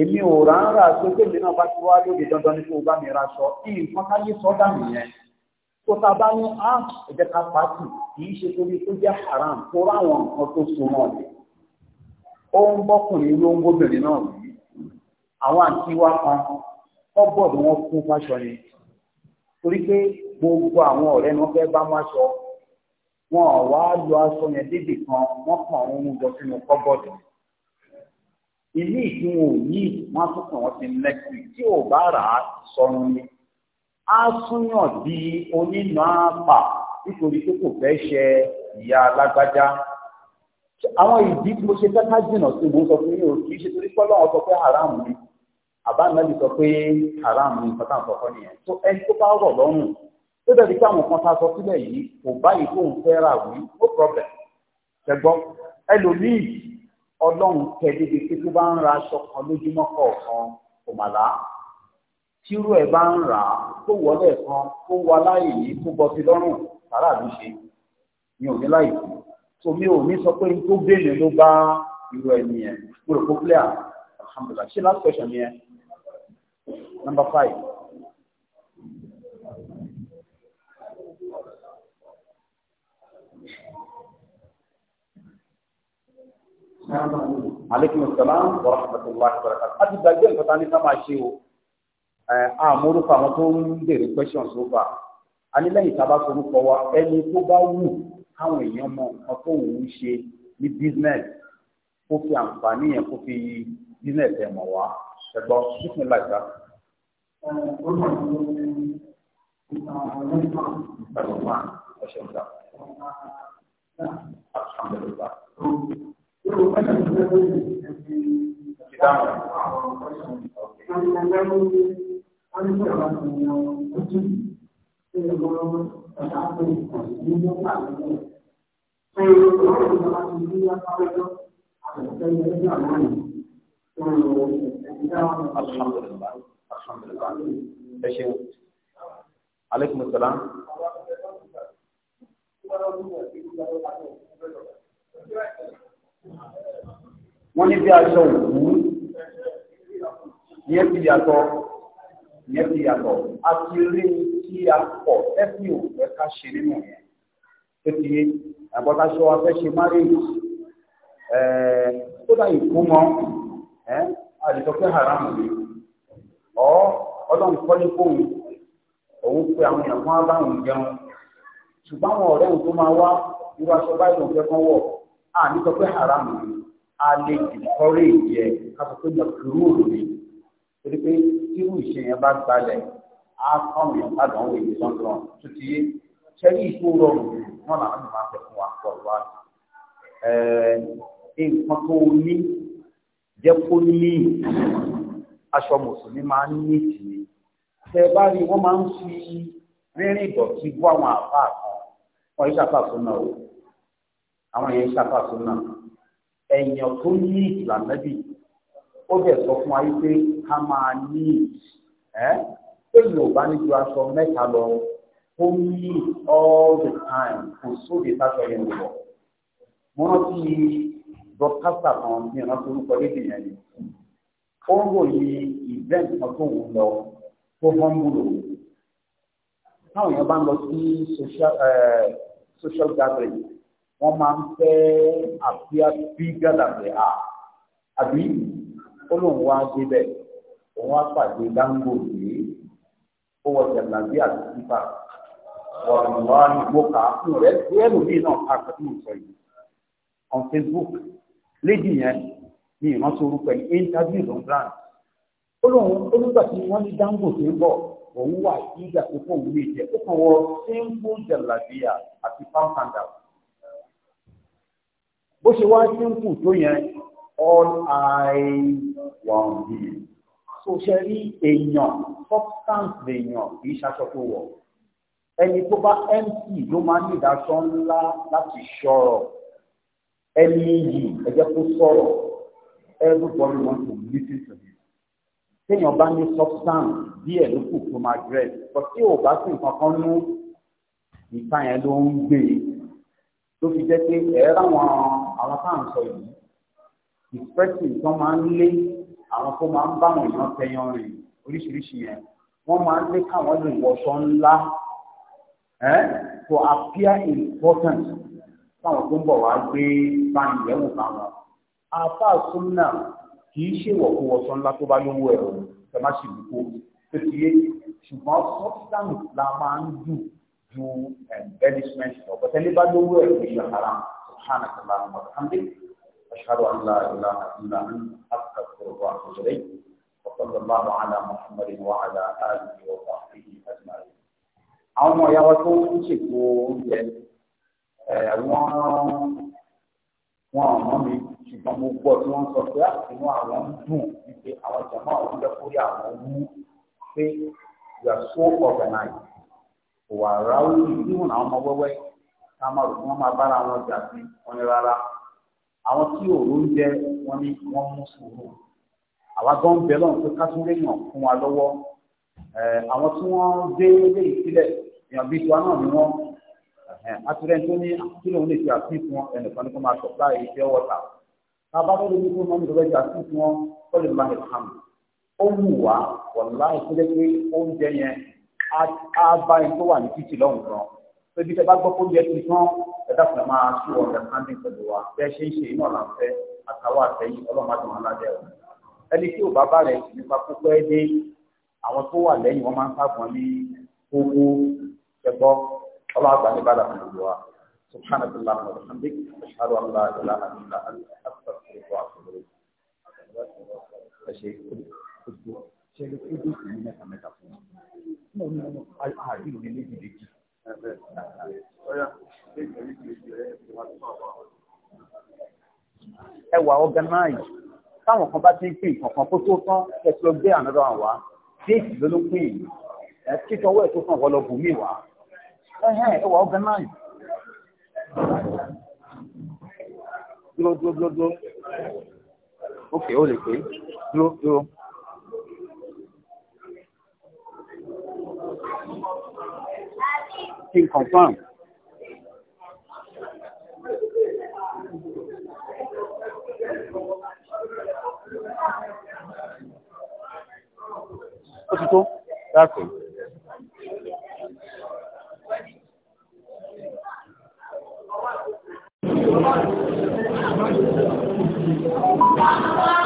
èmi ò rà ń rà pé tèmi náà bá ti wá lóde dandan ní kó o bá mi ra sọ nǹkan káyé sọdá nìyẹn tó ta bá ní á ẹjẹ ká pàtì kì í ṣe torí tó jẹ haram tó ráwọn nǹkan tó so náà lè ó ń bọkùnrin ló ń bóbìnrin náà rí àwọn àǹtí wa kan ọgbọdọ wọn kún fáṣọ ni torí pé gbogbo àwọn ọ̀rẹ́ ni wọn fẹẹ bá wọn aṣọ wọn ò wá lo aṣọ yẹn débì kan wọ́n pọ̀ àwọn ohun jọ sínú kọ́bọ̀dù ilé ìtún wọn wọn tún kàn wọn sí lẹ́kìrì tí ò bá rà á sọnù ni á súnyàn di onínà àpà nítorí pé kò fẹ́ ṣe ìyá alágbájá àwọn ìdí tí mo ṣe fẹ́ ká jìnnà sí mo ń sọ fún yín o kì í ṣe torí pé ọlọ́run sọ pé haram ni àbá náà sọ pé haram ni nǹkan tá à ń sọ fún nìyẹn tó ẹni tó bá rọ̀ lọ́rùn tó dẹ̀ di pé àwọn kan tá a sọ sílẹ̀ yìí kò báyìí tó ń fẹ́ rà wí no problem ṣẹgbọ́ ẹlòmíì ọlọ́run kẹ́ẹ́dẹ́gbẹ́ pé tó bá ń ra aṣọ kan lójúmọ́ kọ̀ọ̀kan kò mà lá tírú ẹ̀ bá ń rà á tó wọlé kan tó wà láàyè yìí tó bọ́ sí lọ́rùn sàrà ló ṣe mi ò ní láì fún so mi ò ní sọ pé tó béèrè ló bá irú ẹni yẹn mo rò clear alhamdulilah ṣé last question yẹn number five. aleykum salaam wa rahmatullahi wa barakatuh. a ti gbàgbé nǹkan tán ní ká máa ṣe o àmúrúkọ àwọn tó ń béèrè questions ló fà á ní lẹ́yìn tá a bá forúkọ wa ẹni tó bá wù káwọn èèyàn mọ nǹkan tó wù ú ṣe ní business kó fi àǹfààní yẹn kó fi business ẹ̀ mọ̀ wá ẹ̀gbọ́n ṣùkú ńlá ìta. Alhamdulillah. Alhamdulillah. Alhamdulillah. Thank you. Alaikum assalam. Thank you. wọ́n ní bí aṣọ òkú yẹn ti yàtọ̀ yẹn yàtọ̀ a ti rí tí a pọ̀ ẹ̀sìn òkú ẹ̀ka ṣe nínú yẹn tó ti yé àgbọ̀taṣọ afẹ́ṣe márèèjì kódà ìkómọ àdìsọ́kẹ́ haram ni ọ́ ọlọ́run kọ́lé fóun òun pe àwọn èèyàn jẹun ṣùgbọ́n àwọn ọ̀rẹ́ òun tó máa wá a ní sọ pé haram ni a lè kọ́rí ká sọ pé torí pé irú ìṣe yẹn bá gbalẹ̀ á sọ́ńtọ́ tó ti yé rọrùn làwọn fún wa pọ̀ wá nǹkan tó ní jẹ́ kó ní aṣọ mùsùlùmí máa ń ní bá rí wọ́n máa ń fi rírìn ìdọ̀tí àwọn àbá kan wọ́n àwọn yẹn ṣàfàṣọ náà ẹ̀yàn tó ní ìjìlá nẹ́bì ó bẹ̀ sọ fún wa yìí pé ká máa ní ẹ́ èyí ò bá ní ju aṣọ mẹ́ta lọ ó ní all the time kò sóde sáṣọ yẹn lọ mo rántí broadcaster kan ní ìrántí orúkọ lédè yẹn ni ó ń ròyìn event kan tó ń lọ tó humble táwọn èèyàn bá ń lọ sí social eh, gathering wọ́n máa ń fẹ́ àfíà bigger than they are àbí ó lóun wá débẹ̀ òun wá pàdé Dangote ó wọ jàdàbí àti sípà wọ̀rùn wá ní mọ́kà fún rẹ̀ tí ẹlòmíì náà ká àkàtà mọ̀ sọ yìí on Facebook lédi yẹn ní ìrántí orúkọ yìí interview ló ń brand ó lóun olùgbà tí wọ́n ní Dangote ń bọ̀ òun wà ìgbà tó fún òun lè jẹ́ ó kàn wọ simple jàdàbí àti pàmpàndà bó ṣe wá sínkù tó yẹn all i want be so ṣe rí èèyàn substance lèèyàn kì í ṣaṣọ tó wọ̀ ẹni tó bá mc ló máa ní ìdáṣọ ńlá láti ṣọ̀rọ̀ ẹni yìí ẹ jẹ́ kó sọ̀rọ̀ everybody wants to listen to him téèyàn bá ní substance díẹ̀ ló kù tó máa dress but tí ò bá sí nǹkan kan nú ìta yẹn ló ń gbé e ló fi jẹ́ pé ẹ ráwọn àwọn tá à ń sọ yìí ìpẹ́sì tó máa ń lé àwọn tó máa ń bá àwọn èèyàn tẹyan rìn oríṣiríṣi yẹn wọ́n máa ń lé káwọn lè wọṣọ ńlá to appear important fáwọn tó ń bọ̀ wá gbé báyìí lẹ́wọ̀n fáwọn afa súnmọ́nà kì í ṣèwọ̀ kó wọṣọ ńlá tó bá lówó ẹ̀rọ ẹ má ṣe lùkó tó ti yé ṣùgbọ́n substance la máa ń dù ju embellishment lọ bọ́tẹ́lẹ́ bá lówó ẹ̀rọ ìṣàkàrà. سبحانك اللهم وبحمدك أشهد أن لا إله إلا أنت أستغفرك وأتوب إليك وصلى الله على محمد وعلى آله وصحبه أجمعين àwọn ọmọ ìyá wa tó ń ṣètò oúnjẹ wọn wọn àmọ́ mi ṣùgbọ́n mo gbọ́ tí wọ́n sọ pé àtinú àwọn ń dùn wípé àwọn jàmọ́ àwọn ń lẹ́kọ̀ọ́ àwọn mú pé you so organized òwò ó ní ìdíwọ̀n àwọn ọmọ wẹ́wẹ́ ká má rò kí wọ́n máa bára wọn jà sí wọn ní rárá àwọn tí òòró ń jẹ wọn ní wọ́n mú sùúrù àwa gan bẹ lọ́run pé ká tún léèyàn fún wa lọ́wọ́ àwọn tí wọ́n dé léyìí sílẹ̀ èèyàn bíi tiwa náà ni wọ́n àtúrẹ́ tó ní kí lóun lè fi àfin fún ẹnìkan ní kó máa sọ láì fi ọwọ́ ta tá a bá lórí ní kó máa ń lọ bẹ́ẹ̀ àfin fún wọn ó lè máa nìkan ó mú wa wọ̀n tó jẹ́ pé oúnjẹ yẹn á bá ẹni tó wà ní títì lọ́hùn-ún gan pébi tẹ bá gbọ́ kó yẹ kí tán ẹ̀dá fún ẹ máa ṣú ọ̀rẹ́ sáńdì pẹ̀lú wa bẹ́ ṣe ń ṣe iná là ń fẹ́ àtàwọn àtẹ̀yìn ọlọ́mọdún aládẹ́ ọ̀ ẹni tí ò bá bá rẹ̀ nípa púpọ̀ ẹ dé àwọn tó wà lẹ́yìn wọn máa ń sábọn ní owó ẹgbọ́ ọlọ́àgbà ní bàdà fún ìlú wa subhanahu wa ta'ala alhamdi ashhadu an la ilaha illa anta astaghfiruka wa atubu ilayk ẹ ṣe ṣe ṣe ṣe ṣe ṣe ṣe ṣe ṣe ṣe ṣe ṣe ṣe ṣe ṣe ṣe ṣe ṣe ṣe ẹ wà organize táwọn kan bá ti ń pín kankan kó tó tán ẹ ti lọ gbé ànádọ́ àwa déètì ló ló pín ẹ títọ́ owó ẹ̀ tó kàn wọ́n lọ bùnmí wá ẹ ẹ dúró dúró dúró dúró ok ó lè pé dúró dúró. kí confirm. ó ti tó dáàkì. Thank